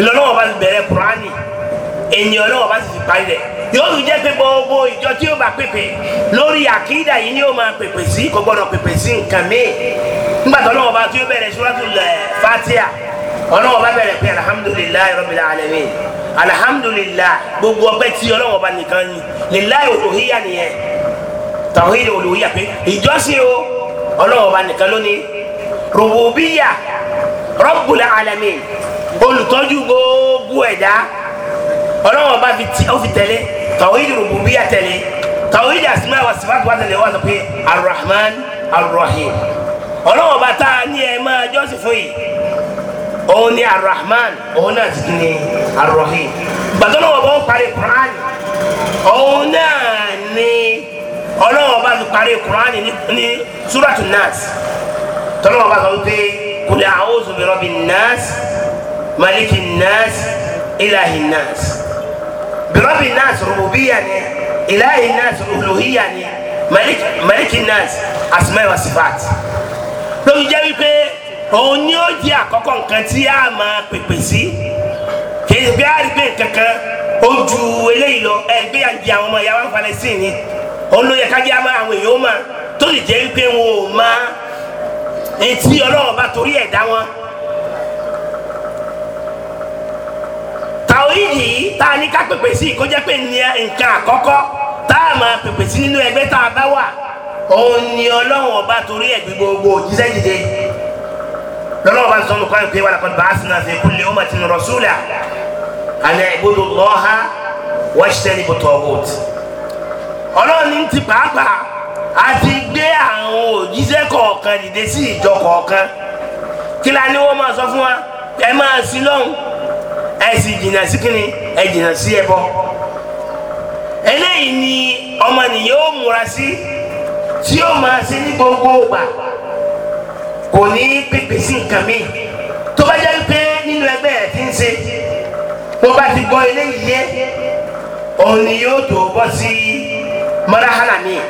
ìlọ náà wọ́n bá ti bẹ̀rẹ̀ kurani ènìyàn náà wọ́n bá ti fi parí rẹ̀ yóò tún jẹ́ pé gbogbo ìjọ tí yóò bá pèpè lórí àkídà yìí ni yóò máa pèpè sí kò gbọ́dọ̀ pèpè sí nǹkan míì nígbà náà wọ́n tí yóò bẹ̀rẹ̀ suratul eh, fatiha ọlọ́wọ́ bá bẹ̀rẹ̀ pé alihamudulilayi rabbil alamin alihamudulilayi gbogbo ọpẹ́ tí ọlọ́wọ́ bá nìkan ni lilayi olùhíyà nìyẹn tàwíìlì olùhíyà pé ìjọsìn o ọlọ́wọ́ bá nìkan lónìí rububiya Rabbul Alamin olùtọ́jú gbogbo ẹ̀dá ọlọ́wọ́n bá fi tẹ̀lé tawhid rububiyyah tẹ̀lé tawhid asma wa sifat wa tẹ̀lé wọ́n sọ pé Ar-Rahman Ar-Rahim ọlọ́wọ́n bá tá a ní ẹ̀ máa jọ́sìn fún yìí òun ni Ar-Rahman òun náà ti ní ar gbàdúrà wọn bọ́ parí Qur'an òun náà ní ọlọ́wọ́n bá ti parí Qur'an ní Suratu Nas tọ́lọ́wọ́n bá sọ wípé. قل أعوذ برب الناس ملك الناس إله الناس برب الناس ربوبية إله الناس ألوهية ملك ملك الناس أسماء وصفات lórí jẹ́ wípé òun ni ó di àkọ́kọ́ nǹkan tí a máa pèpè sí kìí gbé àrígbé kankan ó ju eléyìí lọ ẹgbẹ́ àti àwọn ọmọ ìyá wa ń falẹ̀ sí ni òun ló yẹ ká jẹ́ àwọn èèyàn ó máa tó lè jẹ́ wípé etí ọlọ́run bá torí ẹ̀ dá wọn. tàwíìdì yìí tá a ní ká pèpè sí kó jẹ́ pé nǹkan àkọ́kọ́ tá a máa pèpè sí nínú ẹgbẹ́ tá a bá wà òun ni ọlọ́run ọba torí ẹ̀ gbé gbogbo òjíṣẹ́ dìde lọ́lọ́run bá ń sọnù kọ́ni pé walaqad ba'athna fi kulli ummatin rasula an i'budu Allaha wajtanibu taghut ọlọ́run ní ti pàápàá a ti gbé àwọn òjíṣẹ́ kọ̀ọ̀kan dìde sí ìjọ kọ̀ọ̀kan kí la ní wọ́n máa sọ fún wa ẹ máa sí lọ́hùn ẹ sì jìnnà sí kíni ẹ jìnnà sí ẹbọ eléyìí ni ọmọnìyàn ó múra sí tí ó máa ṣe ní gbogbo ìgbà kò ní pèpè sí nǹkan mi tó bá jẹ́ pé nínú ẹgbẹ́ ẹ̀ ti ń ṣe tó bá ti gbọ́ eléyìí yé òun ni yóò tó bọ́ sí mọ́ráhánà míì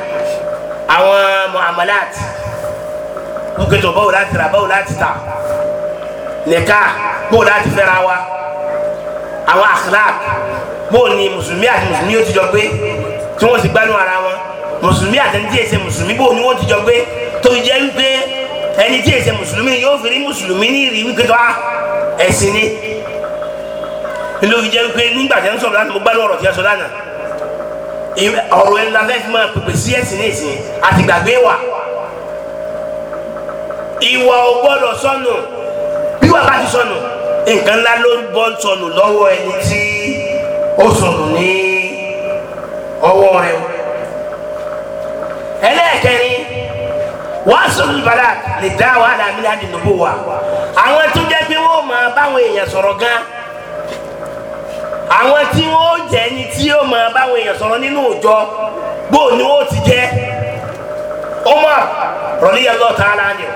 àwọn muamalat nketò báwo láti ra báwo láti ta nìka báwo láti fẹ́ra wa àwọn akhlaq báwo ni mùsùlùmí àti mùsùlùmí yóò ti jọ gbé tí wọ́n sì gbádùn ara wọn mùsùlùmí àti ẹni tí yẹ ṣe mùsùlùmí báwo ni wọ́n ti jọ gbé tó jẹ́ wípé ẹni tí yẹ ṣe mùsùlùmí yóò fi rí mùsùlùmí ní ìrì wípé a ah, ẹ̀sìn ni ló fi jẹ́ wípé nígbà tí wọ́n sọ̀rọ̀ lánàá mo gbádùn ọ̀rọ̀ tí wọ́n sọ lánàá ọ̀rọ̀ ẹnu la fẹ́ẹ́ fi máa pèpè sí ẹ̀sìn ní ìsìn àtìgbàgbé wa ìwà ò gbọ́dọ̀ sọnù bí wàá bá ti sọnù nǹkan ńlá ló ń bọ́ sọnù lọ́wọ́ ẹni tí ó sọnù ní ọwọ́ rẹ o ẹlẹ́ẹ̀kẹrin wàá sọ̀rọ̀ ìbára lè dá wàhálà mílíọ̀nù nùbọ̀ wa àwọn tó jẹ́ pé wọ́n máa báwọn èèyàn sọ̀rọ̀ gan-an. àwọn tí wọn ó jẹ ẹni tí yóò máa báwọn èèyàn sọ̀rọ̀ nínú òjọ bó ni wọn ó ti jẹ ta'ala anhu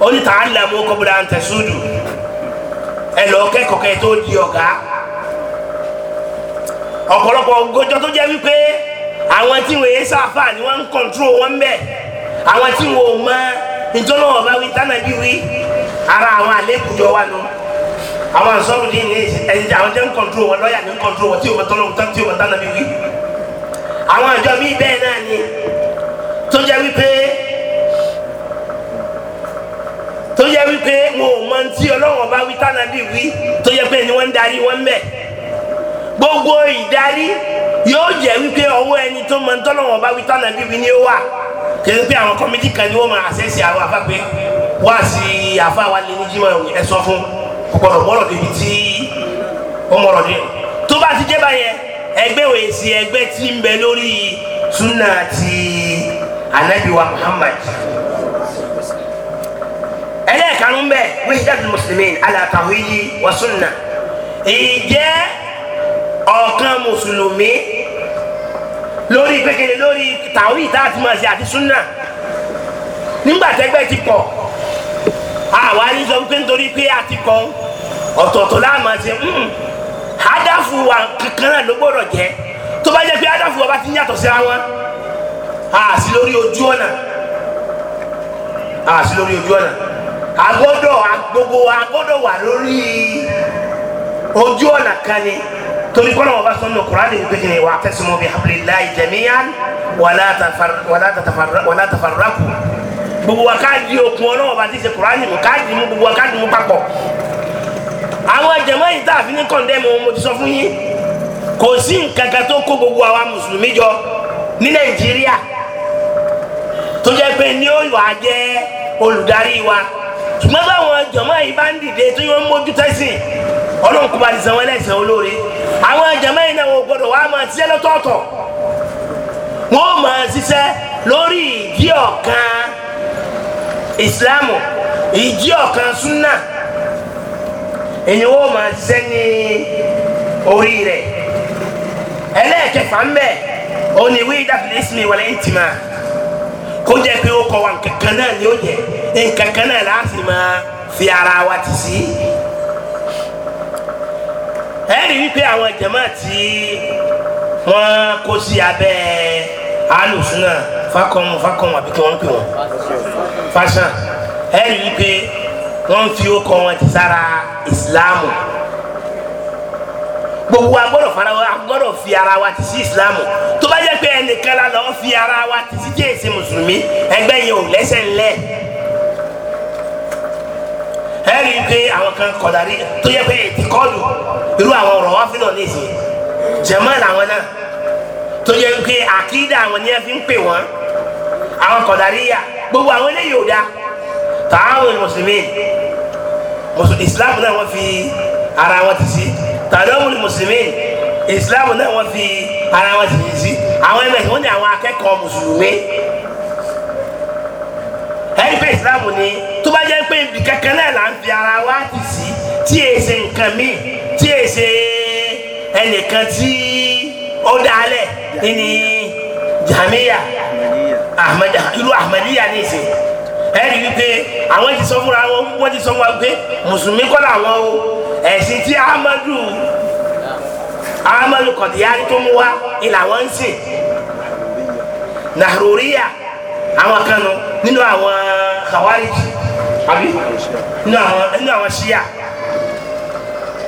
ó ní ta'allamu qabla an tasudu ẹ lọ kẹ́kọ̀ọ́ kẹ́ tó di ọ̀gá ọ̀pọ̀lọpọ̀ ogójọ tó jẹ́ wípé àwọn tí wọn èé sáfà ni wọ́n ń kọ̀ǹtúrò wọn bẹ̀ àwọn tí wọn ò mọ ìjọ́nà ọ̀bá wí tánàbí wí ara àwọn àlékùjọ wa nù. àwọn ànsọ́rù dín ní ẹ̀yìn àwọn jẹ́ ń kọ̀ntró wọn lọ́ọ̀yà ní ń kọ̀ntró wọn tí o ma tọ́ lọ́wọ́ tán tí o ma tán nàbí wí. àwọn àjọ mi bẹ́ẹ̀ náà ni tó jẹ́ wípé tó jẹ́ wípé wọn ò mọ tí ọlọ́wọ́n bá wí tán nàbí wí tó jẹ́ pé ni wọ́n ń darí wọn mẹ́ gbogbo ìdarí yóò jẹ́ wípé ọwọ́ ẹni tó mọ tọ́lọ́wọ́n bá wí tán nàbí wí ni ó wà kìí pé àwọn kọ́mítì kan ni wọ́n máa àṣẹ́sì àwọn àfáà pé wá sí àfáà wa lè ní jímọ̀ ẹ̀ sọ fún un ọ̀pọ̀lọ̀ mọ́rọ̀ débi tí ó mọ́rọ̀ dé tó bá ti jẹ́ báyẹn ẹgbẹ́ òyèsí ẹgbẹ́ tí ń bẹ lórí sunna ti anabiwa Muhammad ẹlẹ́ẹ̀kanú bẹ́ẹ̀ wíṣídàtì mùsùlùmí alàtàwíyí wa sunna ìjẹ́ ọ̀kan mùsùlùmí lórí pékeré lórí tàwí tá a ti máa ṣe àti sunna nígbà tẹ́gbẹ́ ti pọ̀ àwárí sọ pé nítorí pé àti kọ ọ̀tọ̀ọ̀tọ̀ láàmú ṣe hádàfù hmm, wa kankan náà ló gbọ́dọ̀ jẹ́ tó bá jẹ́ pé hádàfù wa bá ti ń yàtọ̀ síra wọn àti lórí ojú ọ̀nà àti lórí ojú ọ̀nà agbọ́dọ̀ gbogbo agbọ́dọ̀ wà lórí ojú ọ̀nà kan ni torí kọ́nà wọn bá sọ nínú Kùránì ní pé wa'tasimu bihablillahi jami'an wala tafarraqu. gbogbo wa ká yí okun ọlọ́wọ́ bá ti ṣe kùránì mú ká yí mú gbogbo wa ká yí mú papọ̀ àwọn ẹ̀jẹ̀mọ́ yìí fi ní mo ti sọ fún kò sí nǹkan kó gbogbo àwa mùsùlùmí jọ ní nàìjíríà tó jẹ́ pé ní òyò olùdarí wa ṣùgbọ́n báwọn ẹ̀jẹ̀mọ́ yìí bá ń dìde tó ń mójú ọlọ́run kò bá ti olóore àwọn ẹ̀jẹ̀mọ́ yìí náà wọ́n gbọ́dọ̀ wá máa ṣiṣẹ́ Islamu ìjí ọ̀kan súnà èyí wọ́n máa ṣiṣẹ́ ní orí rẹ̀ ẹlẹ́ẹ̀kẹfà ń bẹ̀ òun ni wíì dàbílẹ̀ ìsìnmi wọlé ìtìmá kó jẹ́ pé ó kọ wa nkankan náà ni ó jẹ́ nkankan náà láti máa fi ara wa ti sí ẹ̀rí wípé àwọn jàmáà tí wọ́n kó sí abẹ́ alùsùn náà fakọm fakọm àbí kí wọ́n pè wọ́n fashion ẹ rí i pé wọ́n fi ó kọ́ wọn ti sára ìsìláàmù gbogbo agbọ́dọ̀ fara wa agbọ́dọ̀ fi ara wa ti sí ìsìláàmù tó bá jẹ́ pé ẹnìkan la lọ fi ara wa ti sí jẹ́ẹ̀sì mùsùlùmí ẹgbẹ́ yẹn ò lẹ́sẹ̀ ńlẹ̀ ẹ rí i pé àwọn kan kọ̀dárí tó yẹ pé ètí kọ́ọ̀lù irú àwọn ọ̀rọ̀ wá fi náà léṣe jẹ̀mọ́ làwọn náà tó yẹ pé àkídà àwọn ni ẹ fi ń pè wọ́n àwọn kọ̀dáríyà gbogbo àwọn eléyìí ò dá tààwọn mùsùlùmí islam náà wọ́n fi ara wọn ti sí tààwọn mùsùlùmí islam náà wọ́n fi ara wọn ti sí àwọn ms wọ́n ní àwọn akẹ́kọ̀ọ́ mùsùlùmí ẹni pé islam ni tó bá jẹ́ pé ibi kankan náà là ń fi ara wa ti sí tí èyí ṣe nǹkan míì tí èyí ṣe ẹnìkan tí ó dálẹ̀ nínú jàmíyà ahmed irú ahmediya ní ìsìn ẹ̀rí wípé àwọn ti sọ fúnra wọn wọ́n ti sọ fún wa pé mùsùlùmí kọ́ làwọn o ẹ̀sìn tí ahmadu ahmadu kọ̀díyárí tó mú wa ìlà wọn ń sìn nàrúríyà àwọn kan nù nínú àwọn kàwáríjì àbí nínú àwọn nínú àwọn ṣíà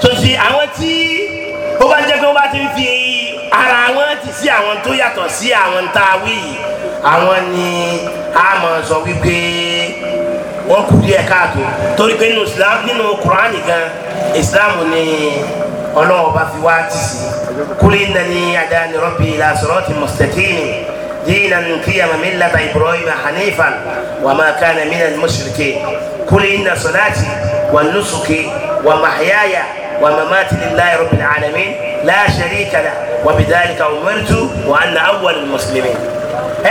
tó ti àwọn tí ó bá jẹ́ ti fi ara wọn ti sí àwọn tó yàtọ̀ sí àwọn tá a wí yìí àwọn ni a máa sọ wípé wọ́n kú díẹ̀ káàtó torí pé nínú islam nínú kuraani gan islam ni ọlọ́wọ́ bá fi wá ti sí kúlí nani adáni rọ́bì ila sirati mustaqim dinan qiyama millata ibrahima hanifan wa ma kana minal mushrikin kúlí inna salati wa nusuki wa mahyaya wa mamati lillahi rabbil alamin la sharika lahu wa bidhalika umirtu wa ana awwalul muslimin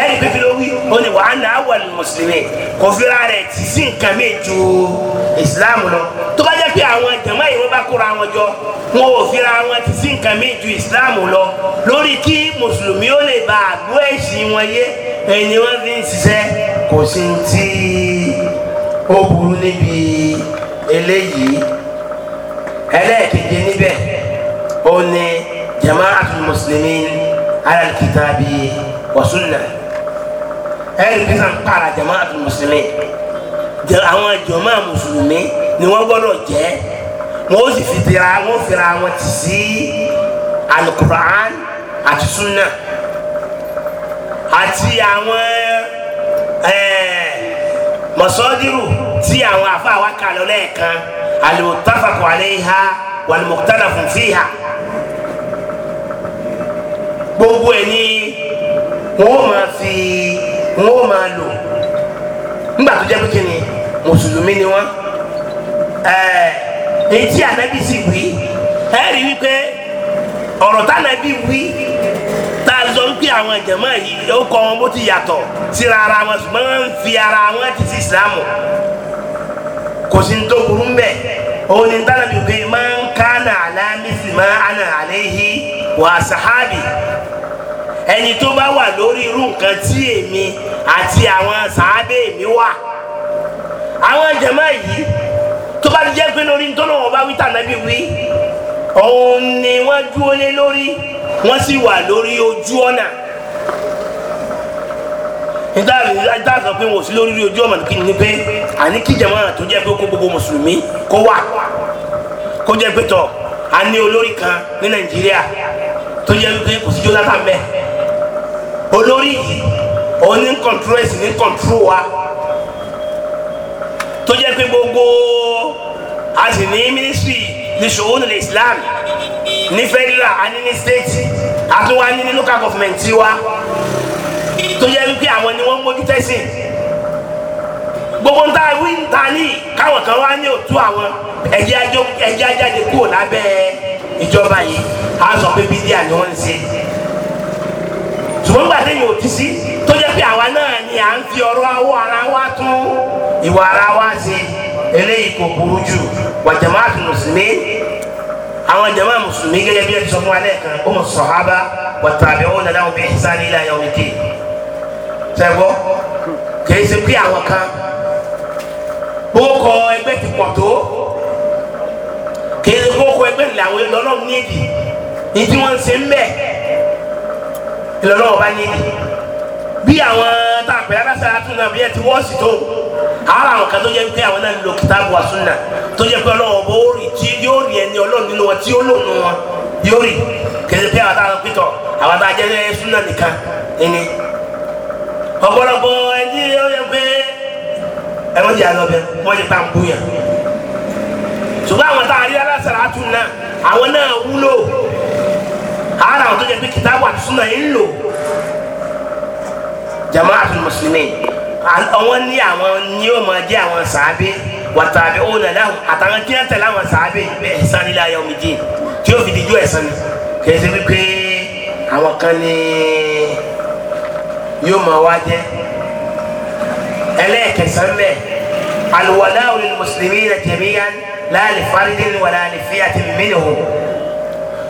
ẹ̀yìn bíbí ló wí ó ní wàá nà áwọ̀ mùsùlùmí kò fira rẹ̀ ti sí nǹkan mi ju islam lọ tó bá jẹ́ pé àwọn jàmá yìí wọ́n bá kóra wọn jọ wọn ò fira wọn ti sí nǹkan mi ju islam lọ lórí kí mùsùlùmí ó lè bá àgbo ẹ̀sìn wọn yé ẹni wọn fi ń ṣiṣẹ́ kò sí ti ó burú níbi eléyìí ẹlẹ́ẹ̀keje níbẹ̀ ó ní jama'atul muslimin ala al-kitabi wa sunna ẹ̀rí bí sàn para jama'atul muslimin àwọn jọ̀mọ́ mùsùlùmí ni wọ́n gbọ́dọ̀ jẹ́ wọ́n ó sì fi tira wọ́n fira wọn ti sí alukur'an àti sunna àti àwọn mọ̀sọ́dírù tí àwọn àfáàwá kalọ̀ lẹ́ẹ̀kan al-muttafaqu alayha wal-mukhtalafu fiha gbogbo ẹ̀ ní. wọn fi wọn ò máa lò nígbà tó ni mùsùlùmí ni wọ́n etí ànábì sì wí ẹ rí wípé ọ̀rọ̀ tànábì wí tá a sọ wípé àwọn ìjẹ̀mọ́ yìí ó wọn bó ti yàtọ̀ ara wọn fi ara wọn ti sí ìsìlámù kò sí ní tó burú ń òun ni tànábì máa ń àlá ẹni tó bá wà lórí irú nǹkan tí èmi àti àwọn sàábé mi wà àwọn jàmá yìí tó bá ti jẹ́ pé lórí nítorí wọn bá wí tànàbí wí òun ni wọ́n dúró lé lórí wọ́n sì wà lórí ojú ọ̀nà nígbà tó pé wọn ò sí lórí ojú ọ̀nà kí ni pé àní kí jàmá tó jẹ́ pé kó gbogbo mùsùlùmí kó wà kó jẹ́ pé tọ̀ a ní olórí kan ní nàìjíríà tó jẹ́ pé kò sí Jonathan bẹ́ẹ̀ olórí òun ní kọ̀ntró ẹ̀sìn ní kọ̀ntró wa tó jẹ́ pé gbogbo a sì ní mínísírì ní nílẹ̀ Islam ní federal àní ní state àti wá ní ní local government wa tó jẹ́ wípé àwọn ni wọ́n mójú tẹ́sìn gbogbo ń ta wí ń ta ní káwọn kan wá ní òtú àwọn ẹ̀jẹ̀ ajáde kúrò lábẹ́ ìjọba yìí a sọ pé bídíà ni wọ́n ń ṣe ńgbà tẹ yóò ti sí tó jẹ́ pé àwa náà ni à ń fi ọ̀rọ̀ awọ ara wa tún ìwà ara wa ṣe eléyìí kò burú jù wà jama'atul muslimin àwọn jama mùsùlùmí gẹ́gẹ́ bí ẹni sọ fún wa lẹ́ẹ̀kan ọmọ sọhábà wà tabi'una lahum bi ihsani ila yawmid din sẹgbọ kìí ṣe pé àwọn kan bó kọ ẹgbẹ́ ti pọ̀ tó kìí ṣe bó kọ ẹgbẹ́ ìlàwé lọlọrun ìlọ́lọ́wọ́ bá yé bí àwọn tá a pè náà bí ẹ ti wọ́ọ̀sì tó ara àwọn kan tó jẹ́ pé àwọn náà ń lo kìtàbù àsúnà tó jẹ́ pé ọlọ́wọ́ bó rì tí yóò rí ẹni ọlọ́run nínú wọn tí ó lòun wọn yóò rí kẹsì pé àwọn tá a lọ pítọ̀ àwọn tá a jẹ́ súnà nìkan ẹni ọ̀pọ̀lọpọ̀ ẹni ó yẹ pé ẹ̀rọ jẹ́ àlọ́ bẹ́ẹ̀ wọ́n ti pa ń bóyá ṣùgbọ́n àwọn tá a rí aláṣà àtún náà àwọn náà wúlò ara àwọn tó jẹ pé kìtàbù àti súnà yìí ń lò jama'atul muslimin àwọn ní àwọn ní o máa jẹ àwọn sàábé wàtàbí ó nà láwùn àtàwọn tí wọn tẹ̀lé àwọn sàábé bẹ́ẹ̀ sani la yọ méjì tí yóò fi di ju ẹ̀san ni kẹsì wípé àwọn kan ní yóò máa wá jẹ ẹlẹ́ẹ̀kẹsàn mẹ́ alwala'u lil muslimina jami'an la li faridin wala li minhum.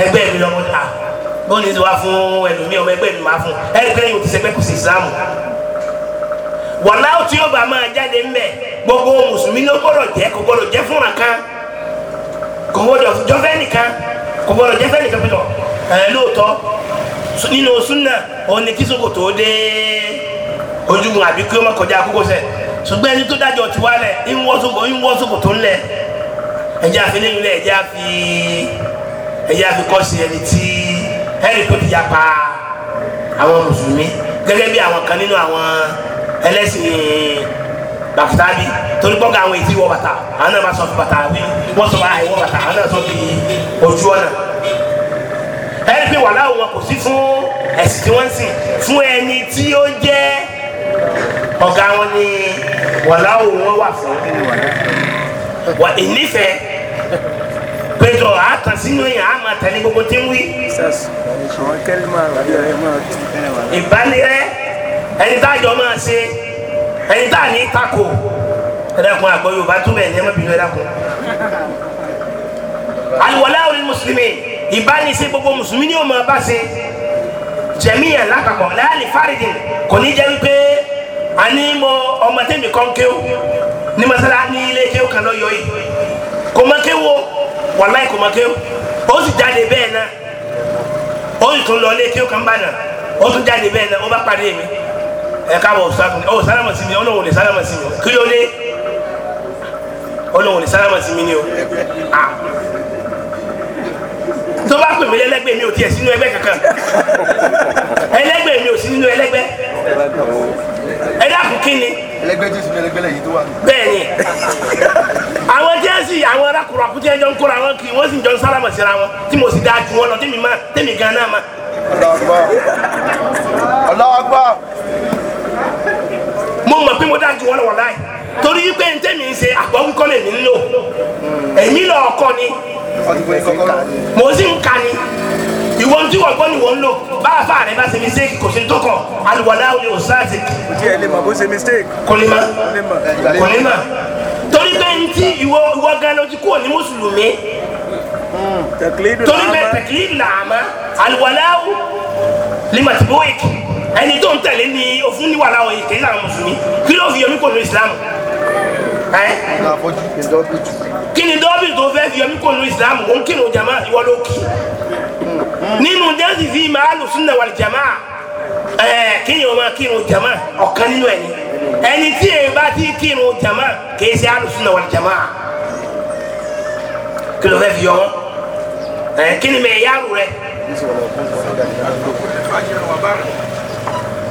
ẹgbẹ́ mi lọ́mọ ta bó ní ti fún ẹlòmíì ọmọ ẹgbẹ́ mi máa fún ẹgbẹ́ yìí ò ti sẹgbẹ́ kò sí islam wàlá tí yóò bá máa jáde ńbẹ gbogbo mùsùlùmí ló gbọ́dọ̀ jẹ́ kò gbọ́dọ̀ jẹ́ fúnra kan kò gbọ́dọ̀ jọfẹ́ nìkan kò gbọ́dọ̀ jẹ́fẹ́ nìkan pẹ̀lú ẹ̀ lóòótọ́ nínú súnà òun ni kí sòkòtò dé ojúgun àbí kí ó má kọjá àkókò sẹ̀ ṣùgbọ́n ẹni tó dájọ́ ti wá ń wọ́ sòkòtò ńlẹ̀ ẹ̀jẹ̀ àfi lẹ́yìn lẹ̀ ẹ̀jẹ̀ àfi ẹ̀yà àfikọ́sí ẹni tí ẹ̀rì tó ti yapa àwọn mùsùlùmí gẹ́gẹ́ bí àwọn kan nínú àwọn ẹlẹ́sìn bàtàbí torí gbọ́ngàn àwọn èyí tí wọ́n bàtà àwọn náà máa sọ fún bàtà wí wọ́n sọ àyè wọ́n bàtà àwọn náà sọ fi ojú ọ̀nà ẹ̀rì pé wàhálà wọn kò sí fún ẹ̀sìn tí wọ́n ń sìn fún ẹni tí ó jẹ́ ọ̀gá wọn ni wàhálà wọn wà fún wa ìnífẹ̀ẹ́ jọ a kàn sínú yẹn a máa tẹ̀ ní gbogbo tí ń wí. àwọn kẹ́lí máa rà yẹ ẹ máa tù. ìbálẹ̀ ẹni tá a jọ máa ṣe ẹni tá a ní tako ẹ̀dàkùn àgbọ̀ yorùbá túbẹ̀ ní ẹ má bínú ẹ̀dàkùn. aliwọlá olè mùsùlùmí ìbánisẹ gbogbo mùsùlùmí ni ó máa bá ṣe jẹmíyàn lápapọ̀ láàlì fáridìn kò ní jẹ́ wípé àní mo ọmọ tẹ́mi kan kéwò ní masala ní ilé kéwò kan lọ́yọ̀ọ́ yìí kò mọ kéwò wàláì kò mọ kéwù ó sì jáde bẹ́ẹ̀ náà ó sì tún lọ ilé kéwù kan bá náà ó tún jáde bẹ́ẹ̀ náà ó bá parí mi ẹ káàbọ̀ ọ sálámà sí mi ọlọ́wọ̀n lè sálámà sí mi kí ló dé ọlọ́wọ̀n lè sálámà sí mi ni o tó bá pè mí lẹ́lẹ́gbẹ́ mi ò tiẹ̀ sínú ẹgbẹ́ kankan ẹlẹ́gbẹ́ mi ò sí nínú ẹlẹ́gbẹ́ ẹ dákun kí ni ẹlẹgbẹ́ jésù ní ẹlẹgbẹ́ lẹ́yìn tó wà. bẹ́ẹ̀ni àwọn tí ẹ sì àwọn arákùnrin tí ẹ jọ ń kóra wọn kiri wọn sì jọ ń sáràmọ síra wọn tí mo sì dáa ju wọn lọ tèmi má tèmi gan náà má. Allahu Akbar. mo mọ̀ pé mo dáa ju wọn lọ wọ̀ láì torí pé n tèmi ṣe àgbọ̀nkọ́ lèmi ń lò èmi lọ́ọ̀kọ́ ni mo sì ń ka ni ìwọ tí wọ́n gbọ́ ni wọ́n ń lò bá a fà rẹ̀ bá ṣe mistake kò sí tó kọ̀ aliwala olè o sáàtì. ojú ẹ lè mọ bó ṣe mistake. kò lè mọ kò lè mọ torí pé n tí ìwọ ìwọ gan ló ti kúrò ní mùsùlùmí hmm, torí pé tẹkìlì làmà aliwala limatiboik ẹni tó ń tẹ̀lé ni òfin ni wàhálà òye kì í sàrán mùsùlùmí kí ló fi yọmí kò ní islam kí ni dọ́bì tó fẹ́ fi yọmí kò ní islam òun kí ni o jama ìwọ ló kí nínú jẹ́sì fi máa alùsùnà wal jama ẹ̀ẹ́ kéèyàn máa kírun jama ọ̀kan nínú ẹni ẹni tí èyí bá ti kírun jama kìí ṣe alùsùnà wal jama kí ló fẹ́ fi yọ wọn ẹ̀ẹ́ kí ni mẹ yáàrú rẹ.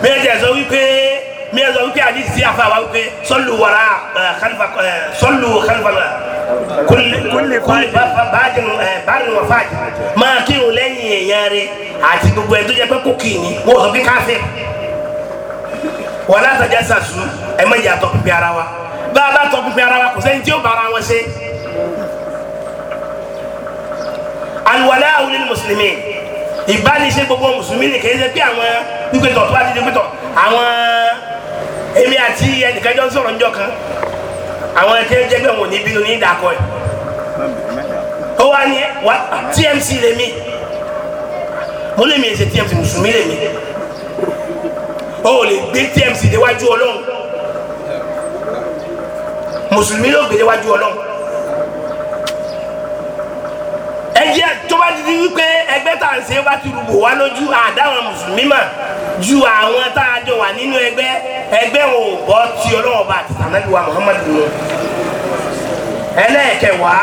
mi ẹ jẹ sọ wípé mi ẹ sọ wípé àdìsí àfa wa wípé sọlù wàrà sọlù kálífà kúlè báàdìn báàdìn wọn fàájì máa kírun lẹ́yìn èèyàn o àti gbogbo ẹ̀ tó jẹ́ pé kò kì í ni wọ́n sọ pé káfẹ́ wọ́n látàjà sàṣù ẹ̀ mọ̀ ìyàtọ̀ pípẹ́ ara wa bá a bá tọ́ pípẹ́ ara wa kò sẹ́ni tí ó bára wọn ṣe. aluwalẹ́ àwọn mùsùlùmí ìbánisẹ gbogbo mùsùlùmí ni kèé ṣe pé àwọn pípẹ́tọ̀ tó bá ti di pípẹ́tọ̀ àwọn èmi àti ẹnìkan jọ sọ̀rọ̀ ńjọ kan àwọn ẹtí ń jẹgbẹ́ wọn ò ní bínú ní ìdàkọ ẹ̀ ó wá ní wa TMC lèmi mo lè mi ṣe TMC mùsùlùmí lèmi ó lè gbé TMC déwájú ọlọ́run mùsùlùmí ló gbé déwájú ọlọ́run. ẹjẹ tó bá ti di wípé ẹgbẹ́ tá à ń ṣe bá ti rúbò wá lójú àdáwọn mùsùlùmí mà ju àwọn tá a jọ wà nínú ẹgbẹ́ ẹgbẹ́ wọn ò bọ́ ti ọlọ́wọ́n bá àti sàmẹ́lúwa muhammadu nù ẹlẹ́ẹ̀kẹwàá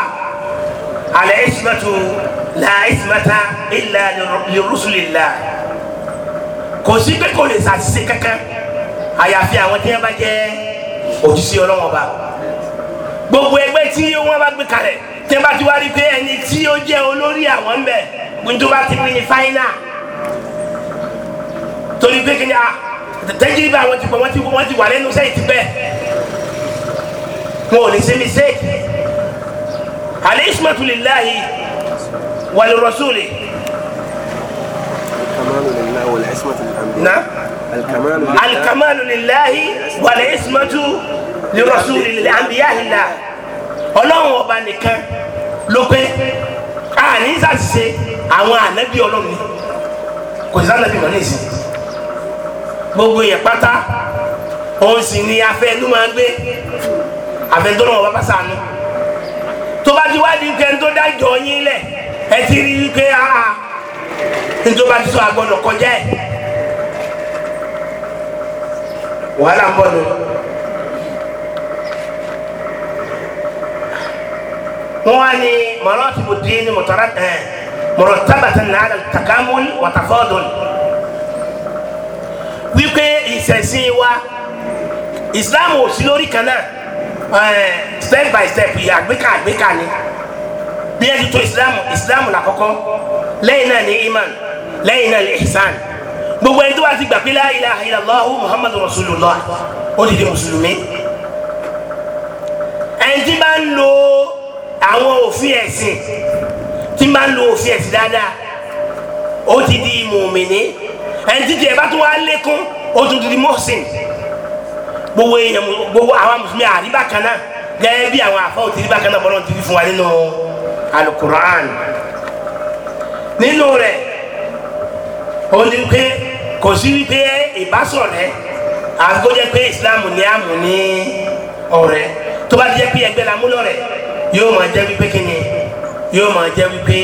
alẹ́ ìsìmẹ́tò la ìsìmẹ́ta ìlà lirrusulillah kò sí pé kò lè ṣàṣìṣe kankan àyàfi àwọn tí wọ́n bá jẹ́ òjíṣẹ́ ọlọ́wọ́n bá gbogbo ẹgbẹ́ tí wọ́n bá gbé kalẹ̀ tí wọ́n bá ti wá rí pé ẹni tí ó jẹ́ olórí àwọn ń bẹ gbogbo bá ti ní fáínà torí pé kí ni a ah, tẹ́jú ibà wọ́n ti pọ̀ wọ́n ti wà lẹ́nu sẹ́yìn ti pẹ́ wọn ò ní sí mistake alẹ́ ismatu lillahi wal rasuli. na alikamalu lillahi wal ismatu ní rasulil anbiyahillah ọlọ́run ọba nìkan ló pé àní sàṣìṣe àwọn ànábì ọlọ́run ni kò sí sànábì mọ́ nísìn gbogbo yẹn pátá òun sì ni afẹ́ ló máa gbé afẹ́ tó lọ́wọ́ bàbá sànú tó bá ti wá di nǹkan tó dájọ́ yín lẹ̀ ẹ ti rí i pé aa ah, ah, ah, bá ti sọ àgbọ̀dọ̀ kọjá ẹ̀ wàhálà ń bọ̀ lọ́wọ́. واني مراتب الدين مرتبة على التكامل وتفاضل wípé ìṣẹ̀sìn wa islam ò sí lórí kan náà eh, step by step àgbékà àgbékà ni bí ẹ ti tó islam islam làkọ́kọ́ lẹ́yìn náà ní iman lẹ́yìn náà ní ihsan gbogbo ẹni tó wá ti gbà pé la ilaha illallah muhammadu rasulullah ó ti di mùsùlùmí ẹni tí bá ń lo àwọn òfin ẹ̀sìn tí máa ń lo òfin ẹ̀sìn dáadáa ó ti di mùmìnì ẹni títí ẹ̀ bá tún wá lékún ó tún di mọ́sìn gbogbo èèyàn gbogbo àwọn mùsùlùmí àríbá kan náà gẹ́gẹ́ bí àwọn àfọ́ òtí ríbá kan náà bọ́lá ti rí fún wa nínú alukur'an nínú rẹ̀ ó ní pé kò sí wípé ìbásọ̀rẹ́ àgọ́jẹ́ pé Islam ní àmú ní ọ̀rẹ́ tó bá jẹ́ pé ẹgbẹ́ la múlò rẹ̀ yóò máa jẹ́ wípé kíni yóò máa jẹ́ wípé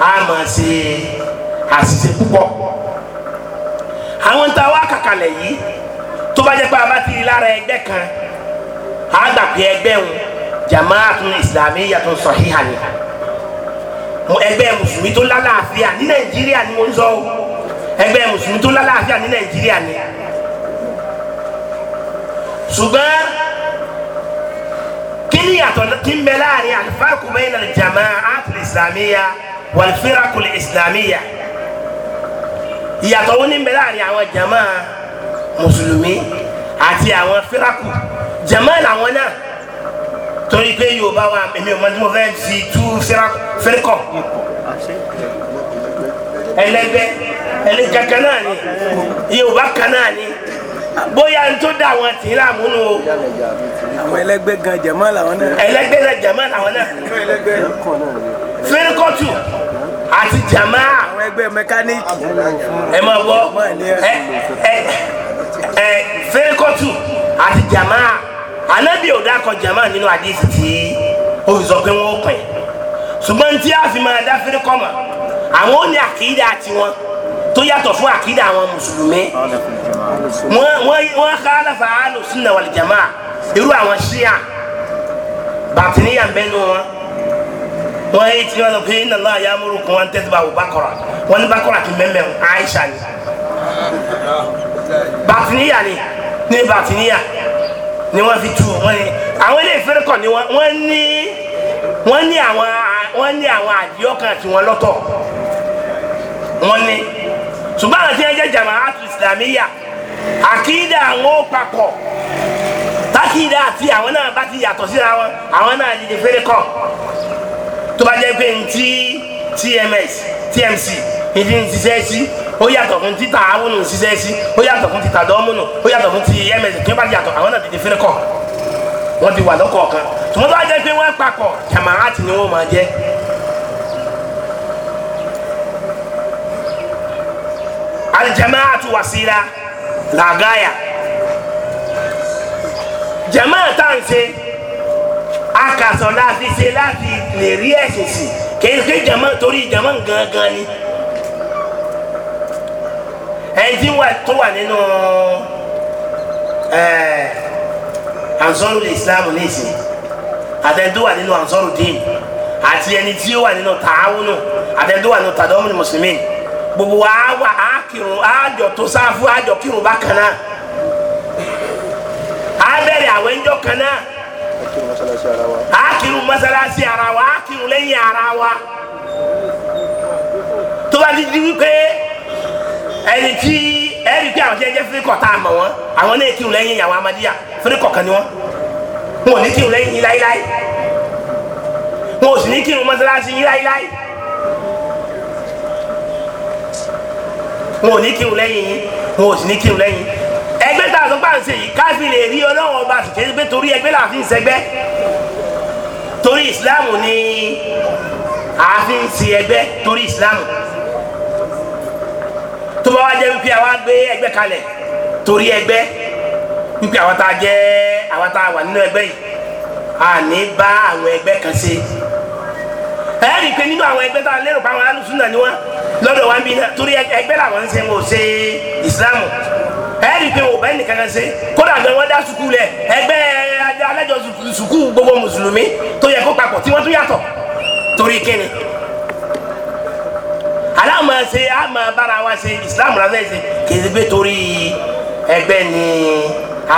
a máa ṣe àṣìṣe púpọ̀ àwọn tá a wá kàkàlẹ̀ yìí tó bá jẹ́ pé a bá ti rí lára ẹgbẹ́ kan a gbà pé ẹgbẹ́ òun jamaatun islamiyatun sahiha ni ẹgbẹ́ mùsùlùmí tó lálàáfíà ní nàìjíríà ni mo ń sọ o ẹgbẹ́ mùsùlùmí tó lálàáfíà ní nàìjíríà ni ṣùgbọ́n kini yàtọ̀ kin bẹ láàrin alifarku bayna al-jama'at al-islamiyya wal firaq al-islamiyya ìyàtọ̀ wo ni bẹ láàrin àwọn jama mùsùlùmí àti àwọn firaku jama làwọn náà torí pé yorùbá wa èmi ò mọ mo fẹ́ fi tú firikọ ẹlẹgbẹ́ ẹlẹgbẹ́ ni yorùbá kan ni bóyá n tó da àwọn tí la múnú o. àwọn ẹlẹgbẹ́ gan jama làwọn náà. ẹlẹgbẹ́ gan jama làwọn náà. fẹrẹkọtù àti jama. àwọn ẹgbẹ́ mẹkáníìkì. ẹ máa gbọ́ ẹ ẹ ẹ fẹrẹkọtù àti jama anabi ò dákọ jama nínú àdìsí tí ó sọ pé wọn ò pẹ ṣùgbọ́n tí a fi máa dá fẹrẹkọ mọ àwọn ò ní àkìdá tiwọn tó yàtọ̀ fún àkídà àwọn mùsùlùmí wọ́n khalafa al-sunna wal jamaa irú àwọn ṣíà bàtìníyà bẹ́nu wọn wọ́n yé tí wọ́n sọ pé inna Allah ya'murukum an tadhbahu baqara wọ́n ní baqara kì mẹ́mẹ́ o Aisha ni bàtìníyà ni ní bàtìníyà ni wọ́n fi tu wọ́n ni àwọn ilé ìfẹ́rẹ́kọ̀ ni wọ́n ní wọ́n ní àwọn àdìọ́kàn tiwọn lọ́tọ̀ wọ́n ní ṣùgbọ́n àwọn tí wọ́n jẹ́ jamaatu islamiyya àkídà àwọn ó papọ̀ tákìdá àti àwọn náà bá ti yàtọ̀ síra wọn àwọn náà yìí fẹ́rẹ́ kọ́ tó bá jẹ́ pé ntí tms tmc ìdí ń ṣiṣẹ́ sí ó yàtọ̀ fún títà awúnú ṣiṣẹ́ sí ó yàtọ̀ fún títà dọ́múnú ó yàtọ̀ fún ti ms tí wọ́n bá yàtọ̀ àwọn náà ti di fẹ́rẹ́ kọ́ wọ́n ti wà lọ́kọ̀ọ̀kan tòmọ́tò bá jẹ́ pé wọ́n papọ̀ jamaat ni wọ́n máa jẹ́ aljamaatu wasila laagaya jamaa tan se a k'a sɔn láti se láti lè rí ẹ̀sìn sí kéèké jama torí jama gangan ni ẹnjí wa tó wà nínú ẹẹ ansɔrò islam nísìn àtẹnudó wà nínú ansɔrò dín àti ẹni tí ó wà nínú tààwùnù àtẹnudó wà nínú tàdọ́mù mùsùlùmí. gbogbo a wà á to á jọ tó sáfù á jọ kírun bákan náà á bẹ̀rẹ̀ àwọn ẹjọ́ kan náà ara wa di ẹni tí ẹni pé àwọn jẹjẹ firikọ tá a mọ̀ wọn àwọn náà kírun lẹ́yìn àwọn amadiya firikọ kan ni wọn wọn ò ní kírun lẹ́yìn wọn ò sì ní wọn ò ní kírun lẹ́yìn yín wọn ò sì ní kírun lẹ́yìn ẹgbẹ́ tá a sọ páàsì yìí káfí lè rí ọlọ́run ọba sì kéde pé torí ẹgbẹ́ làá fi ń ṣẹgbẹ́ torí ìsìláàmù ni àá fi ń ṣe ẹgbẹ́ torí ìsìláàmù tó bá wá jẹ́ wípé àwa gbé ẹgbẹ́ kalẹ̀ torí ẹgbẹ́ wípé àwa tá a jẹ́ àwa tá a wà nínú ẹgbẹ́ yìí à bá àwọn ẹgbẹ́ kan ṣe ẹ rí i pé nínú àwọn ẹgbẹ́ tá a lérò pé àwọn alùsùn náà ni wọ́n lọ́dọ̀ wa ń bí iná torí ẹgbẹ́ làwọn ń ṣe wọn ò ṣe ìsìlámù ẹ rí i pé wọn ò bá ẹnìkan kan ṣe kódà gan wọn dá sukuu lẹ ẹgbẹ́ alájọ sukuu gbogbo mùsùlùmí tó yẹ kó papọ̀ tí wọ́n tún yàtọ̀ torí kíni aláàmà ṣe àmà bára wa ṣe ìsìlámù la fẹ́ ṣe kì í pé torí ẹgbẹ́ ni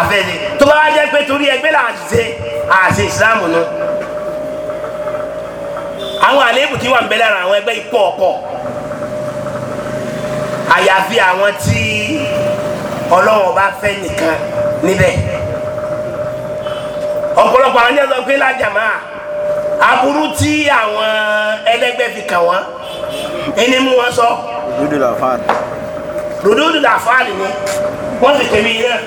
afẹ́ ṣe tó bá wá jẹ́ pé torí ẹgbẹ́ là àwọn àléébù tí wọ́n ń bẹ lára àwọn ẹgbẹ́ ipò ọ̀pọ̀ àyàfi àwọn tí ọlọ́wọ́n bá fẹ́ nìkan níbẹ̀ ọ̀pọ̀lọpọ̀ àwọn ẹ̀sọ́ pé lájàmá aburú tí àwọn ẹlẹ́gbẹ́ fi kàn wọ́n ẹni mú wọn sọ. ròdòdò làfáàlì ni wọ́n sì tẹ̀lé yẹn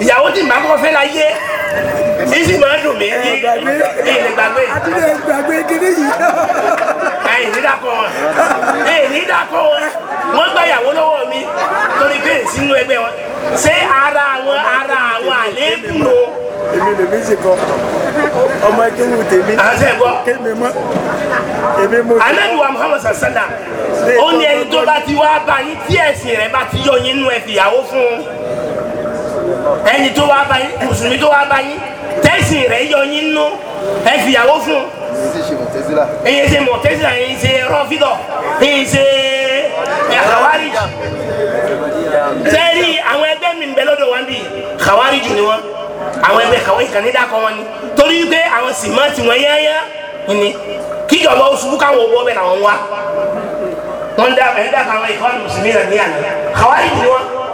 ìyàwó tí màá kọ́ fẹ́ la yé ní sì máa dùn mí ní ìlẹ̀ gbàgbé. àtúndì gbàgbé kiri yìí. ẹ̀yìn ní dàkọ wọn ẹ̀yìn ní dàkọ wọn wọn gba ìyàwó lọ́wọ́ mi torí bẹ́ẹ̀ sínú ẹgbẹ́ wọn ṣé ara àwọn ara àwọn àléébù lò èmi lè mí sìkọ ọmọ akéwù tèmi kémi mọ èmi mo. anabiwa muhammad sasana ó ní ẹni tó bá ti wá bá yín tí ẹ̀sìn rẹ̀ bá ti yọ yín nú ẹ fìyàwó fún un ẹni tó wá báyìí mùsùlùmí tó wá báyìí tẹ́sìn rẹ̀ yọ yín nú ẹ fìyàwó fún un èyí ṣe mọ̀tẹ́sílà èyí ṣe rọ́fídọ̀ èyí ṣe àwárí sẹ́rí àwọn ẹgbẹ́ mi bẹ lọ́dọ̀ wa ń bì àwárí jù ni wọ́n àwọn ẹgbẹ́ àwárí kan ní dàkọ́ wọn ni torí pé àwọn sìmọ́ǹtì wọn yáyá ni kíjọba oṣù káwọn owó ọbẹ̀ làwọn wá wọn dà ẹ̀ dàkọ̀ àwọn ìkọ́ni mùsùlùmí náà ní àná àwárí jù ni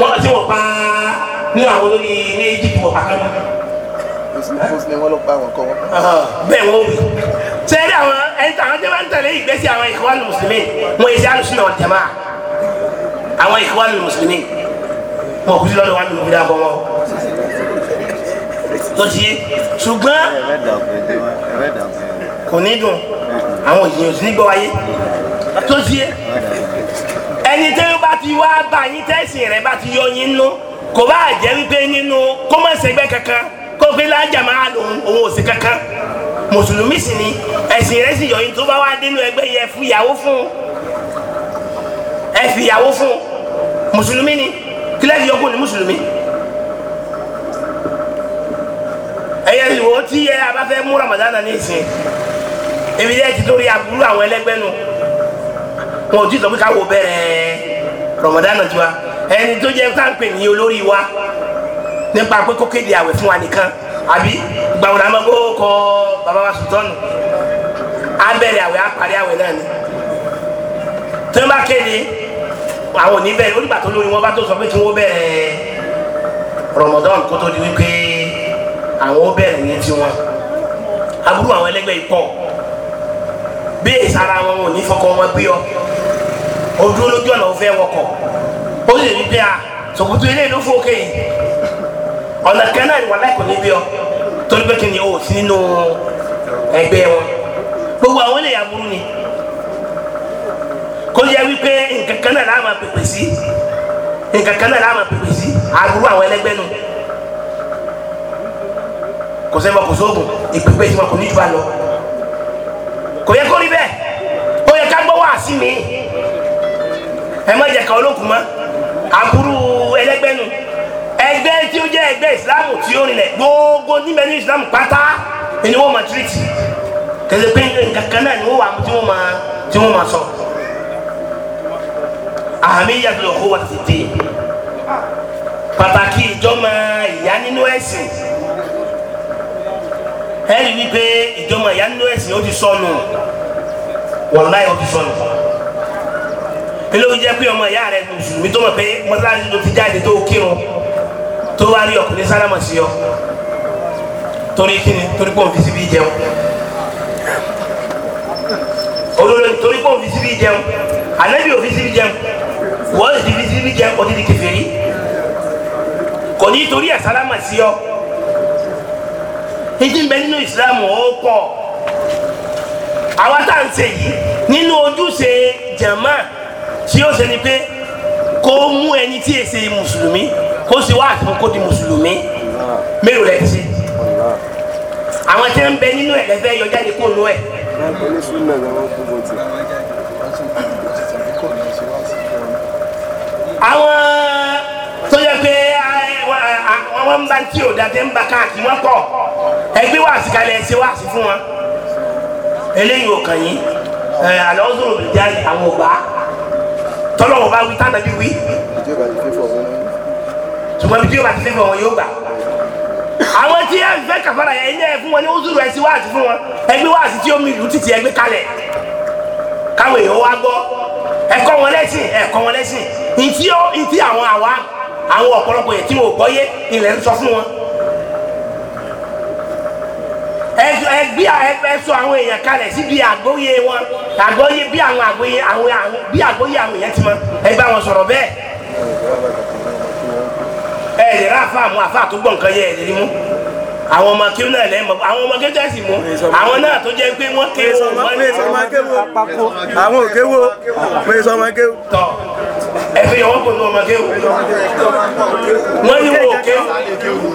wọ́n ti wọ̀ paa ní àwọn olórí ní Egypt wọ̀ pàkánù. bẹ́ẹ̀ wọ́n wí sẹ́ẹ̀dì àwọn ẹni tí àwọn jẹ́wọ́n ń tẹ̀lé ìgbésí àwọn Ikhwanul Muslimin wọ́n èsì àlùsùn wal Jamaa àwọn Ikhwanul Muslimin wọn kú sí lọ́dọ̀ wọn nínú ìdá bọ́ wọn tó ti ṣùgbọ́n kò ní dùn àwọn èèyàn ò sí ní gbọ́ wáyé tó ẹni tẹ́ bá ti wá bá yín tẹ́sìn rẹ̀ bá ti yọ yín nú kò bá jẹ́ wípé nínú kọ́mọ̀sẹ̀gbẹ́ kankan kó fi lájà máa lò òun ò sí kankan mùsùlùmí sì ni ẹ̀sìn rẹ̀ sì yọ yín tó bá wá dénú ẹgbẹ́ yẹ fún ìyàwó fún ẹ fi ìyàwó fún mùsùlùmí ni kílẹ̀ fi yọkù ní mùsùlùmí. ẹyẹ ìwò tí yẹ abáfẹ́ mú Ramadan ní ìsìn ebi yẹ ti torí aburú àwọn ẹlẹgbẹ́ nù. No wọn ò tí sọ pé káwọ bẹ̀rẹ̀ rọmọdánù tiwa ẹni tó jẹ káńpẹ ní olórí wa nípa pé kó kéde àwẹ̀ fún wa nìkan àbí gbàwọ̀n àmọ́ kó kọ bàbá wa sùtọ́nù á bẹ̀rẹ̀ àwẹ̀ á parí àwẹ̀ náà ni tí wọ́n bá kéde àwọn òní bẹ̀rẹ̀ onígbà tó lóyún wọn bá tó sọ pé kí wọ́n bẹ̀rẹ̀ rọmọdánù kó tó di wípé àwọn ó bẹ̀rẹ̀ ní tiwọn aburú àwọn ẹlẹgbẹ́ yìí pọ̀ bí èsì ara wọn ò ní fọkọ wọn gbé ọ ojú olójú ọ̀nà òfẹ́ wọkọ̀ ó lè rí bí a sòkòtò ilé ìlú fún òkè yìí ọ̀nà kan náà láìpẹ́ níbí ọ torí pé kí ni o sí nínú ẹgbẹ́ wọn gbogbo àwọn lè yàgòrò ni kó yẹ wípé nǹkan kan náà láà máa pèpè sí nǹkan kan náà láà máa pèpè sí àbúrò àwọn ẹlẹgbẹ́ nù kò sẹ́ni kò sóògùn ìpèpè ìtumọ̀ kò ní jù bá kò yẹ kó rí bẹ́ẹ̀ ó yẹ ká gbọ́ wá sí mi ẹ má jẹ ká olókùn mọ́ aburú ẹlẹgbẹ́ nu ẹgbẹ́ tí ó jẹ́ ẹgbẹ́ ìsìlámù tí ó rinlẹ̀ gbogbo níbẹ̀ ní ìsìlámù pátá ni wọ́n máa tiriti kẹsẹ̀ pé nǹkan kan náà ni wọ́n wà á tí wọ́n máa tí wọ́n máa sọ. àmì yàtọ̀ kó wà tètè pàtàkì ìjọba ìyá nínú ẹ̀sìn ẹ̀rí wípé ìjọba ìyá nínú ẹ̀sìn ó ti sọnù wọ̀láyà ó ti sọnù pẹ̀lú jẹ́ pé ọmọ ìyá rẹ mùsùlùmí tó mọ̀ pé mọ́sálásí tó ti jáde tó kírun tó wá rí ọkùnrin sálámà sí ọ torí kíni torí pé òun fi síbi jẹun olórí torí pé òun fi síbi jẹun ànábì òun fi síbi jẹun wọ́n sì fi síbi jẹun kò dídì kèfèrí kò ní torí ẹ̀ sálámà sí ọ ìdí mbẹ nínú ìsìlámù ó pọ̀ àwa tá yìí nínú ojúṣe jàmáà tí ó ṣe ni pé kó mú ẹni tí èsè mùsùlùmí kó sì wá àtìmọ́ kó di mùsùlùmí mélòó lẹ́ ti àwọn tí ń bẹ nínú ẹ̀ lẹ́fẹ́ yọ jáde kó nú ẹ̀. àwọn tó yẹ pé wọ́n ń bá tí ò dáadé ń bá káàkiri wọ́n pọ̀ ẹgbẹ́ wàásù kalẹ̀ ẹ̀ ṣe wàásù fún wọn eléyìí ò kàn yín àlọ́ ọ̀sùn òbí jáde àwọn ò bá tọ́lọ́wọ́ bá wí tánà bí wí. ṣùgbọ́n bí tí yóò bá ti fẹ́ fún wọn yóò gbà. àwọn tí ẹ fẹ́ kàfàrà yẹn ilé ẹ fún wọn ní oṣù rẹ̀ sí wáàsí fún wọn ẹgbẹ́ wáàsí tí ó mi lù títí ẹgbẹ́ kalẹ̀ káwọn èèyàn wá gbọ́ ẹ̀kọ́ wọn lẹ́sìn ẹ̀kọ́ wọn lẹ́sìn ìtí àwọn àwa àwọn ọ̀pọ̀lọpọ̀ yẹn tí wọn ò gbọ́ yé ilẹ̀ ń sọ fún wọn. ẹ gbé ẹ sọ àwọn èèyàn kalẹ̀ síbi àgbóyè wọn àgbóyè bí àwọn àgbóyè àwọn bí àgbóyè àwọn èèyàn ti mọ ẹ bá sọ̀rọ̀ bẹ́ẹ̀. ẹ lè ra àfa àmú àfa tó gbọ̀ nǹkan yẹ ẹ lè mú àwọn ọmọ akéwù náà Awọn àwọn ọmọ akéwù tẹ̀sí mú àwọn náà tó jẹ́ pé wọ́n kéwò wọ́n ìgbéyàwó pẹ̀lú ọmọ kéwù wọ́n ní wọ́n kéwù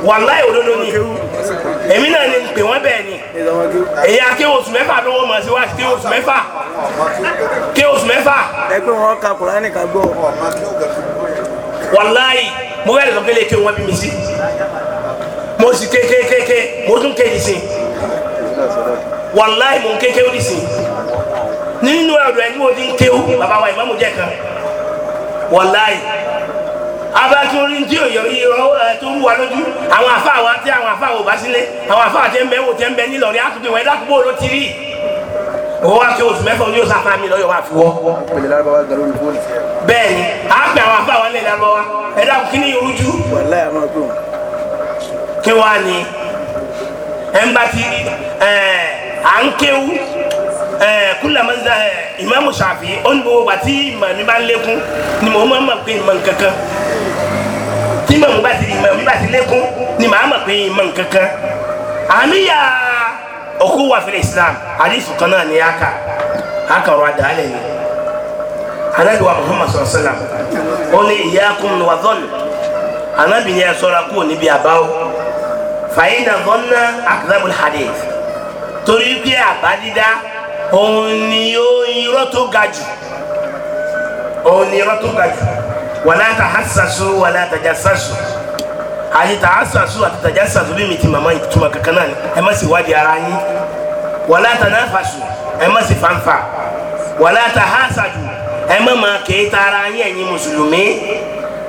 wàláì òdodo ni èmi náà ni pè wọ́n bẹ́ẹ̀ ni èyí akéwò oṣù mẹ́fà ló wọ́n mọ̀ sí wá kéwò oṣù mẹ́fà kéwò oṣù mẹ́fà. ẹgbẹ́ wọn ka kùránì ká gbọ́. wàláì mo wẹ́n lè sọ pé lè kéwù wọn bí mi sí mo sì kékékéké mo tún kéde sí wàláì mo kékéwò dì sí nínú ọ̀dọ̀ ẹ̀ ní mo ti ń kéwù bàbá wa ìmọ̀ mo jẹ́ kan wọláì abaturi ntí o yọ ẹ tó wù lójú àwọn afa wa tẹ àwọn afa wo bá sílé àwọn afa tẹ ń bẹ wò tẹ ń bẹ nílọrin àtúntò wọn ẹ dákúbò ló ti rí wọ́n wá kí oṣù mẹ́fà yóò sáfà mi lọ́yọ̀ wá fi wọ́. bẹ́ẹ̀ni a gbẹ àwọn afa wa lẹ́yìn lọ́wọ́ ẹ dákun kí ni irújú. kí wàá ni ẹ ń bá ti ẹ à ń kéwu ẹẹ kulamasa ẹẹ imamu Ṣafi ọnibó wati mami bá lékún ni mo ma ma pe man kankan tí mamu bá ti mami bá ti lékún ni ma ma pe man kankan ami ya wa fẹlẹ Islam hadisi kan náà ni y'a kan a kan da ale ni Ànábì wa Muhammad sallallahu alaihi wasallam ó ní iyyakum wa dhann Ànábì ní ẹ ṣọ́ra kúrò níbi àbáwò fa inna dhanna akdhabul hadith torí pé àbá òun ni ó irọ́ tó ga jù òun ni irọ́ tó ga jù wàlá ta hasasu wàlá ta jasasu àti ta hasasu àti ta jasasu bí mi ti màmá ìtumọ̀ kankan náà ni ẹ má sì wádìí ara yín wàlá ta náfasu ẹ má sì fanfa wàlá ta hasadu ẹ má máa kéé ta ara yín ẹ̀yin mùsùlùmí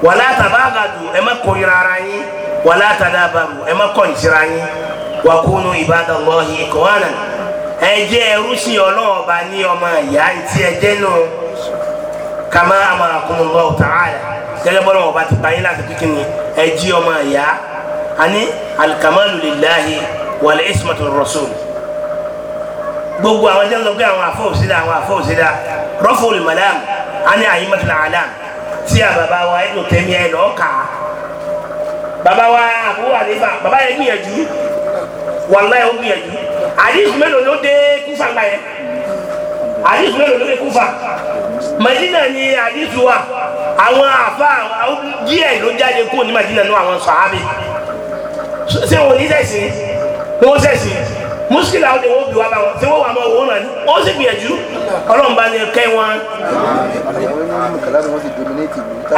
wàlá ta bàgàdù ẹ má kórìíra ara yín wàlá ta dábàrù ẹ má kọ̀ǹtìra yín wàkúnú ibadallahi ikhwanan ẹ jẹ́ ẹrúsìn Ọlọ́run ọba ní ọmọ ìyá etí ẹ jẹ́ nù kàmá amarakumullahu ta'ala gẹ́gẹ́ bọ́lá ọba ti báyìí láti kíkì ni ẹ jí ọmọ ìyá àní alikamalu lillahi wal ismatu rasul gbogbo àwọn jẹ́ lọ́gbẹ́ àwọn afọ́òsídà àwọn afọ́òsídà rọ́fọ́ọ̀lù malam àní àyímọ́tò alam tí a bàbá wa ẹ̀ ló tẹ̀mí ẹ̀ lọ́ọ̀kà bàbá wa àbúrò àdébà bàbá yẹn gbìyànjú wàlláyé ó gbìyànjú àdìsí mélòó ló dé kúfà gbà yẹn àdìsí mélòó ló dé kúfà mẹdínà ni àdìsí wa àwọn àfa díẹ̀ ló jáde kúrò àwọn sàábì ní ni muskila awo de wo bi wa ba wọn ṣé wọn wà máa wò ó nà sì gbìyànjú wọn.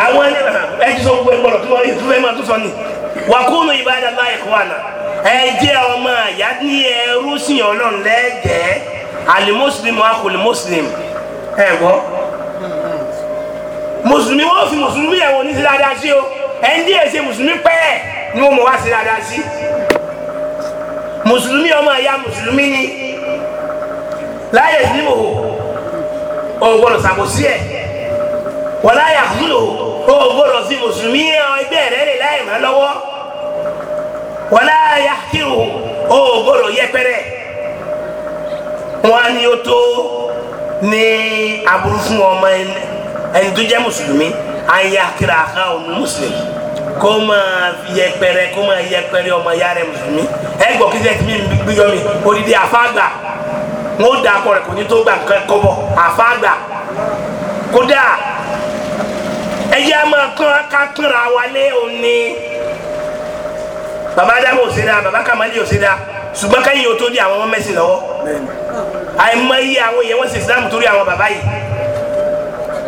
àwọn ẹni ẹ ti sọ gbogbo tí máa tún sọ ni ẹ jẹ́ ọmọ ìyá ní ẹrú sìn ọlọ́run lẹ́gẹ̀ẹ́ alimuslimu akuli muslim ẹ gbọ́ mùsùlùmí wọn fi mùsùlùmí ẹ̀wọ̀n ní ti dáadáa sí o ẹ ń díẹ̀ ṣe mùsùlùmí pẹ́ẹ́ ni wọn mọ̀ wá sí dáadáa sí mùsùlùmí ọmọ ìyá mùsùlùmí ni láyé sí mò ó gbọ́dọ̀ ṣàkóso ẹ̀ wọ́n láyà kúlò ó gbọ́dọ̀ sí mùsùlùmí ẹgbẹ́ rẹ̀ lè láyè má lọ́wọ́ wàlá yàkírù o gbọ́dọ̀ yẹpẹrẹ wọn ni ní ó tó ní aburú fún ọmọ ẹni tó jẹ́ mùsùlùmí á yàkírà àká ọmọ mùsùlùmí kó máa yẹpẹrẹ kó máa yẹpẹrẹ ọmọ ìyá rẹ mùsùlùmí ẹ gbọ́ kí sẹ́kí mi gbígbọ́ mi odidi àfáàgbà wọn da akọ rẹ kò ní tó gbà nǹkan kọ́bọ̀ àfáàgbà kódà ẹ̀yà máa kán ká kánra wálé òní baba adamu ò ṣe dáa baba kamali ò ṣe dáa ṣùgbọ́n káyìn o tó di àwọn ọmọ mẹ́sìn lọ́wọ́ àìmọye àwọn èèyàn wọ́n ṣe islam torí àwọn baba yìí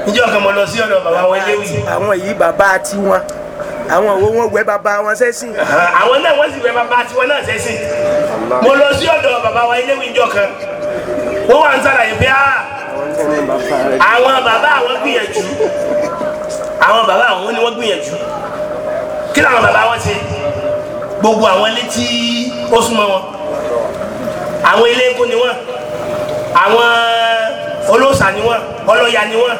níjọ́ kan mo lọ sí ọ̀dọ̀ baba wọn léwu yìí. àwọn yìí baba àti wọn àwọn òwò wọn wẹ baba wọn sẹ́sìn. àwọn náà wọ́n sì wẹ baba àti wọn náà sẹ́sìn mo lọ sí ọ̀dọ̀ baba wọn léwu níjọ́ kan wọ́n wà ń sàlàyé pé ah, àwọn baba àwọn gbìyànjú àwọn baba àwọn ni wọ́n gbìyànjú kí làwọn baba wọn ṣe gbogbo àwọn ilé tí ó súnmọ́ wọn àwọn ilé epo ni wọ́n àwọn olóòṣà ni wọ́n ọlọ́ya ni wọ́n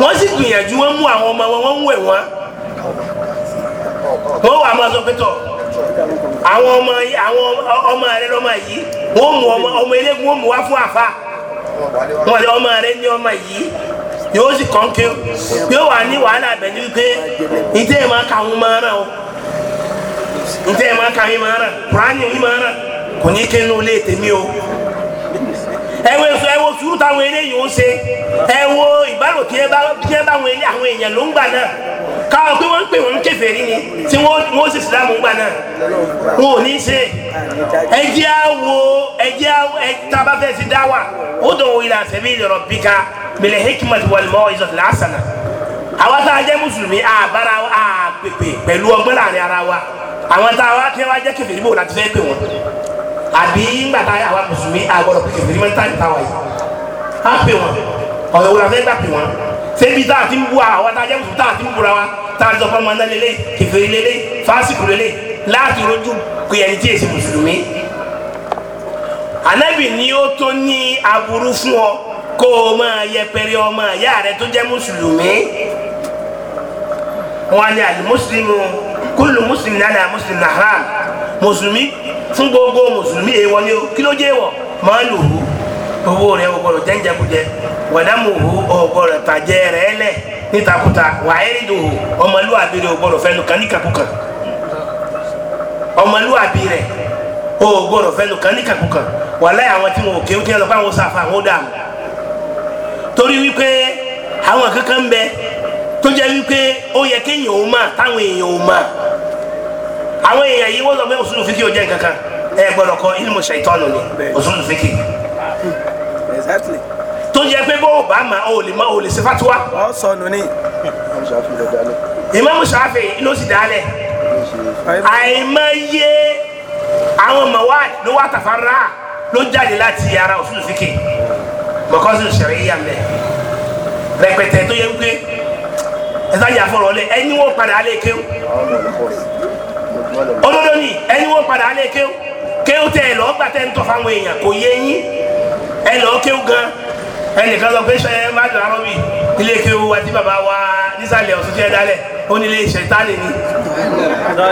wọ́n sì gbìyànjú wọ́n mú àwọn ọmọ wọn wọ́n ń wẹ̀ wọ́n wọ́n wà máa sọ pé tọ̀ àwọn ọmọ àwọn ọmọ rẹ lọ́mọ yìí wọ́n mú ọmọ eléegun wọ́n mú wá fún àfa wọ́n lé ọmọ rẹ ní ọmọ yìí yóò sì kàn kí yóò wà ní wàhálà bẹ̀ ní wípé ìdí máa kà wọ́n máa rán o ntẹ́ máa ka yín máa rà kùránì yín máa rà kò ní kí n ló lé tèmi o ẹ e e wo èso ẹ e wo sùúrù táwọn eléyìí ó ṣe ẹ wo ìbálòkì ẹ bá wọn elé àwọn èèyàn ló ń gbà náà káwọn pé wọ́n ń pè wọ́n ń kèfèrí ni tí wọ́n sì sílámù ń gbà náà wọn ò ní ṣe ẹ jẹ́ àwo ẹ jẹ́ àwo ẹ tábà fẹ́ sí dáwà ó dọ̀wọ́ ìlà sẹ́bí ìlọ̀rọ̀ bí ká bẹ̀lẹ̀ hikmat wal maw'izati al-hasana àwa tá a jẹ́ mùsùlùmí àbára àpèpè pẹ̀lú ọgbẹ́ láàrin ara wa àwọn tá a wá kí wá jẹ́ kèfèrí bò láti fẹ́ pè wọ́n àbí ńgbà tá a wá mùsùlùmí àgbọ̀dọ̀ pé kèfèrí máa ń tàn táwa yìí á pè wọ́n ọ̀rọ̀ wo la fẹ́ gbà pè wọ́n ṣebí tá a ti ń bu àwọn tá a jẹ́ mùsùlùmí tá a ti ń bura wa tá a sọ fún ọmọ náà lélẹ̀ kèfèrí lélẹ̀ fásitì lélẹ̀ láti rojú pé ẹni tí èsì mùsùlùmí anabi ni ó tó ní aburú fún ọ kó o máa yẹpẹrẹ ọmọ ìyá rẹ tó jẹ́ mùsùlùmí wọn ni àlùmùsùlùmí kúlù mùsùlùmí nàlẹ́ mùsùlùmí na haram mùsùlùmí fún gbogbo mùsùlùmí èèwọ̀ ni o kí ló jẹ́ wọ̀ máa lù hù owó rẹ̀ o gbọ́dọ̀ jẹ́njẹ́kujẹ wàdàmù hù tàjẹ́ rẹ̀ lẹ̀ nítakùtà wàhẹ́rìndò ọmọlúwàbí rẹ̀ o fẹ́ nu ọmọlúwàbí rẹ̀ fẹ́ nu wàláyé àwọn tí wọn àwọn àwọn torí wípé àwọn kankan bẹ tó jẹ́ wípé ó yẹ kéèyàn ó táwọn èèyàn ó àwọn èèyàn yìí wọ́n lọ pé òṣùlù fíkì ò jẹ́ kankan ẹ gbọ́dọ̀ kọ ilmu ṣàìtọ́nù ni òṣùlù fíkì tó yẹ pé bó o bá ma o lè ma o lè ṣe fatuwa. ọ sọnù ni. Imam Shafi ló sì dálẹ̀ àìmọye àwọn mọ̀wá ló wà tàfàrà ló jáde láti ara òṣùlù fíkì mọ̀kọ́sí òṣèré yíyá mẹ́ rẹpẹtẹ tó yẹ wípé ẹ sáyà fọlọ lẹ ẹni wọn padà alẹ kéwù olódò ni ẹ̀yin wọn padà alẹ́ kéw kéw tẹ ẹ lọ ọgbà tẹ ń tọ́ fáwọn èèyàn kò yé yín ẹ lọ kéw gan ẹnìkan lọ pé sọyẹ má dùn arọ bì ilé kéw wa tí wa nísàlẹ̀ ọ̀sùn jẹ́ dálẹ̀ ó nílé iṣẹ́ tálẹ̀ ni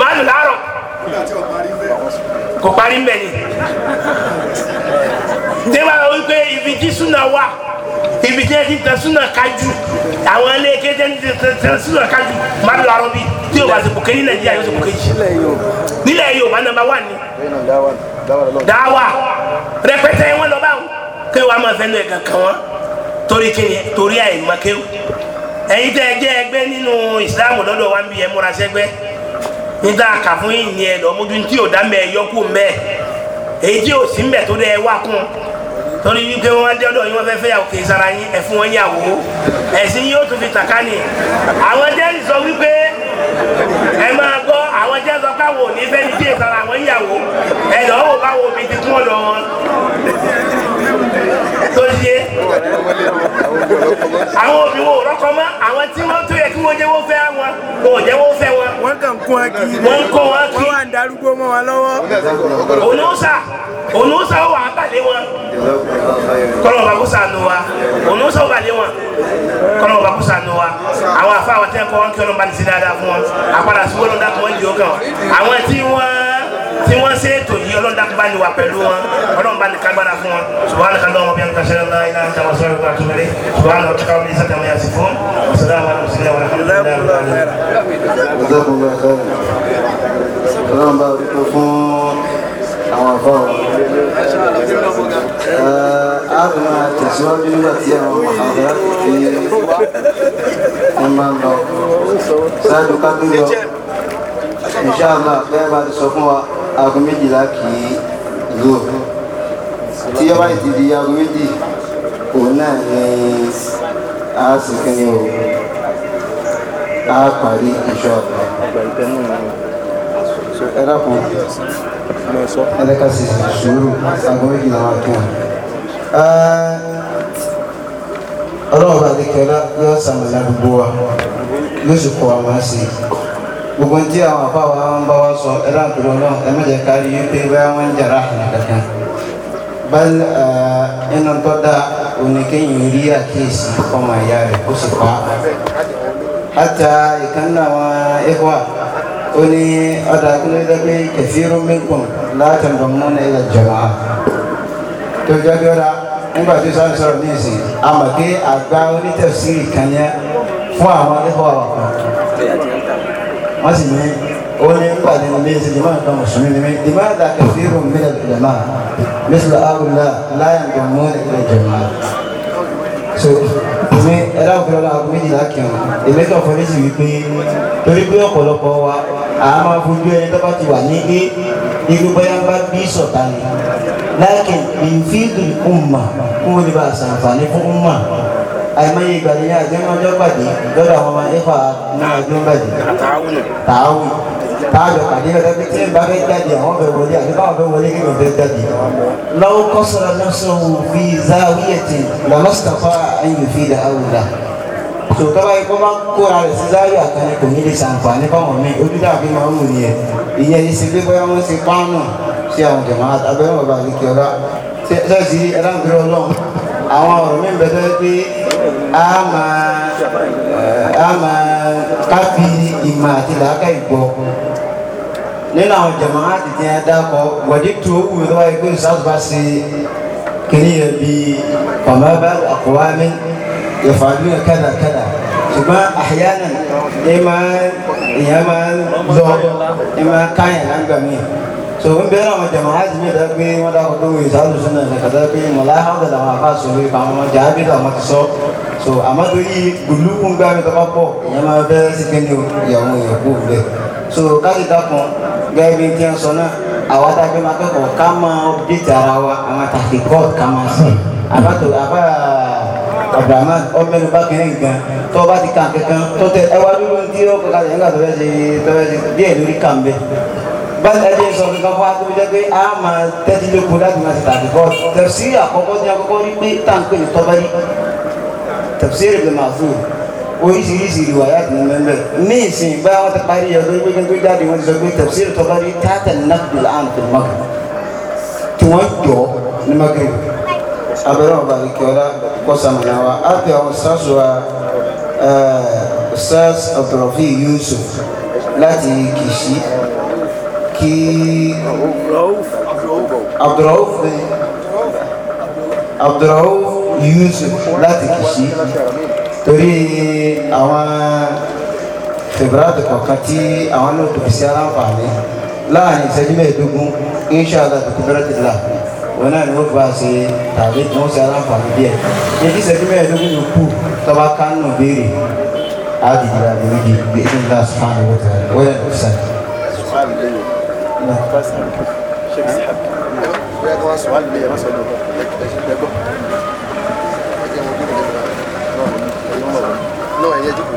má dùn láàrọ̀ kò parí mbẹ ni tí wọn wípé ibi jísù náà wà ibi tí ẹ tẹ súnà kájú àwọn ilé ike tẹ ti tẹ súnà kájú má lọ arọ bí tí o bá ṣe bùkẹ́ ní nàìjíríà yóò ṣe bùkẹ́ yìí nílẹ̀ Yorùbá nàmbà wà ní. dáwà rẹpẹtẹ wọn lọ báwọn kéwàá máa fẹ́ nu ẹ̀ka kan wọn torí kíni torí àìmọ̀ kéwù ẹ̀yin tẹ́ ẹ jẹ́ ẹgbẹ́ nínú ìsìláàmù lọ́dọ̀ wa ń ẹ múra sẹ́gbẹ́ níta kà fún yìnyín ẹ lọ mójú tí ò dá mẹ́ ẹ yọkù èyí tí ò sí mẹ́ tó dẹ́ wá kún torí wípé wọn wá dé ọ̀dọ̀ yín wọn fẹẹ fẹ yàwó kì í sara yín ẹ fún wọn yàwó ẹsìn yóò tún fi tàkà ní àwọn jẹ́rì sọ wípé ẹ máa gbọ́ àwọn jẹ́rì sọ pé àwọn ò ní fẹ́ẹ́ ní díẹ̀ sara àwọn yàwó ẹ lọ́wọ́ báwo mi ti kún ọ̀dọ̀ wọn tó yé àwọn òbí wọn ò rọ́kọ mọ́ àwọn tí wọ́n tó yẹ kí wọ́n jẹ́ wọ́n fẹ́ wọn wọn jẹ́ wọ́n fẹ́ wọn. wọ́n kàn kún wa kí. wọ́n kọ́ wa kí. wọ́n wà ń darúgbó mọ́ wa lọ́wọ́. olùsà olùsà wà á bàlẹ̀ wọn. kọ́lọ̀ bá kó sànù wa olùsà wà bàlẹ̀ wọn. kọ́lọ̀ bá kó sànù wa àwọn àfa àwọn tẹ́ kọ́ wọn kí ọlọ́run bá ti ṣe dáadáa fún wọn. àpàdà sí wọ́n dákun wọn jì ó kàn. àwọn tí wọ́n tí wọ́n ṣe ètò yìí ọlọ́run dákun bá ní wa pẹ̀lú wọn ọlọ́run bá ní kágbára fún wọn subahana kan lọ́wọ́ bí wọn kà ṣẹlẹ̀ náà ilé àti àwọn sọ̀rọ̀ ìgbà tó mẹ́lẹ̀ subahana ọ̀tún káwọn ní sàtẹ̀mọ́ yà sí fún ọ̀sán jazakumullah khairan ọlọ́run bá dúpẹ́ fún àwọn àfáà a lè máa tẹ̀síwájú nígbà tí àwọn àbúrá fi ń máa ń lọ ṣáájú ká tó lọ ìṣáàlá bẹ́ẹ̀ bá ti sọ fún wa aago méjìlá a parí iṣẹ́ ọ̀la. ẹ dákun ẹlẹ́ka sì sùúrù àgọ́ méjìlá wa tó wà. ọlọ́run bá ti kẹ́lá yóò sàmìlà gbogbo wa yóò sì kọ́ àwọn àṣẹ gbogbo ntí àwọn àbá wa ń bá wa sọ ẹ dákun ọlọ́run ẹ mẹ́jẹ kárí yóò pé báyà wọ́n ń jàrá àná kankan. báyìí ẹnu tó dáa oníkéyìn rí àkíyèsí ọmọ ìyá rẹ̀ ó sì pa á hata ìkànnì àwọn ẹ̀kọ́ ó ní ọ̀dà akínúdé pé kẹfìrú mẹ́kùn látàndọ̀ múnà ilẹ̀ jọ̀mọ́ tó jẹ́ bí ọ̀dà nígbà tó sáré ni ní ìsìn àmọ̀ pé àgbà onítẹ̀síìrì kan yẹn fún àwọn ẹ̀kọ́ àwọn kan wọ́n sì ní wani kwadi na mai zai jama'a kan musulmi ne mai limaza kafirun min al-ulama mislu abdullah la yanqumuna ila jama'a so ẹ̀dá òfin ọlọ́run aago méjìlá kìrùn èmi kàn fọ méjì wípé torí pé ọ̀pọ̀lọpọ̀ wa à á máa fojú ẹni tó bá ti wà ní ilé irú bóyá bá bí sọ̀tà ni láìkè ìfíìlì umma kó o lè bá ṣàǹfààní fún umma àìmọye ìgbàlejò àjẹmọ́jọ́ gbàdé lọ́dọ̀ àwọn ọmọ ẹ̀fà náà gbàdé táàjọ pàdé rẹ pé tí n bá fẹ́ jáde àwọn fẹ́ wọlé àbí báwọn fẹ́ wọlé kéwọn fẹ́ jáde. lọ́wọ́ kọ́sọ̀rọ̀ lọ́sọ̀ wò fi záwíyẹ̀tì lọ́lọ́sítàfà ẹ̀yìn fi ilẹ̀ àwùdà. tó tọ́ba yìí kó máa kóra rẹ̀ sí záwíyà kan ni kò ní lè ṣàǹfààní fáwọn míì ojú dàbí máa ń wù ní ẹ̀. ìyẹn ìṣe pé bóyá wọ́n ṣe pánù sí àwọn jẹ̀mọ́ abẹ́rẹ́ bàbá àdìkẹ́ ọ̀la ṣẹ́ẹ̀sì ẹ̀dáǹkiri ọlọ́run àwọn ọ̀rọ̀ mi bẹ̀rẹ̀ pé a máa a máa ká fi ìmọ̀ àti làákà ìgbọ́ nínú àwọn jamaa ti tiẹ̀ dákọ wàdí tó wù mí lọ́wọ́ ẹgbẹ́ ìsàkùbá sí kìíní yẹn bí pàmẹ́bà àkùwá mi yẹ̀fọ́ àbí kẹ́dà kẹ́dà ṣùgbọ́n àyànnà ẹ máa ìyá máa lọ ẹ máa káyàn lágbà mí so n bẹ náà jamaa ti mi dá pé wọn dákọ tó wù ìsàlùsùn náà kàtà pé mọlá hàn dàda wọn àbá sọ̀rọ̀ ìfà wọn jàbí làwọn ti sọ so amadu yi gulukun gbami kaba pọ yamma bẹ sikini yawu bẹ so k'ale ta gẹ́gẹ́ bí tí wọ́n sọ náà àwọn adájọ́ máa kẹ́kọ̀ọ́ ká máa update ara wa àwọn àtàkì court ká máa ṣe àbátò àbá abrahama ọmọbìnrin bá kẹrin nǹkan tó o bá ti kàn kankan tó tẹ ẹ wá dúró ní tí ó kọ kalẹ̀ nígbà tó fẹ́ ṣe tó fẹ́ ṣe díẹ̀ lórí kàn bẹ́ẹ̀ báyìí ẹ jẹ́ sọ kankan fún akérò jẹ́ pé a máa tẹ́tí lóko láti máa ṣe tàbí kọ́ tẹ̀sí àkọ́kọ́ ní àkọ́kọ́ rí pé táǹpẹ̀ ní tọ́bẹ́rí tẹ̀sí rẹ̀ lè máa fún un oríṣiríṣi ìwà yàtọ̀ ní mẹ́mẹ́ ní ìsìn bá wọn ti parí ọdún gbé gbé jáde wọn ti sọ pé tafsir Tabari káàtà nàkùlà àn tó mọ́kì tí wọ́n jọ ní mọ́kì abẹ́rẹ́ ọba ìkẹ́ọ́lá kọ́sàmùnà wa á fi àwọn sars wa sars Abdurrafi Yusuf láti Kìṣí kí Abdurrauf Yusuf láti Kìṣí torí àwọn fèbúrádì kọ̀ọ̀kan tí àwọn lòdùn sí aláǹfààní láàrin ìṣẹ́jú mẹ́ẹ̀ẹ́dógún inṣàlá tó kú bẹ́rẹ̀ tìlá wọn náà ni wọ́n fi wá ṣe tàbí tí wọ́n ṣe aláǹfààní díẹ̀ ní kí ìṣẹ́jú mẹ́ẹ̀ẹ́dógún yóò kù tọ́ba kánú béèrè áàdì ìdílé bí ẹni ńlá sùpáàlì wọ́n ti rẹ̀ wọ́n yẹn lọ 哎呀！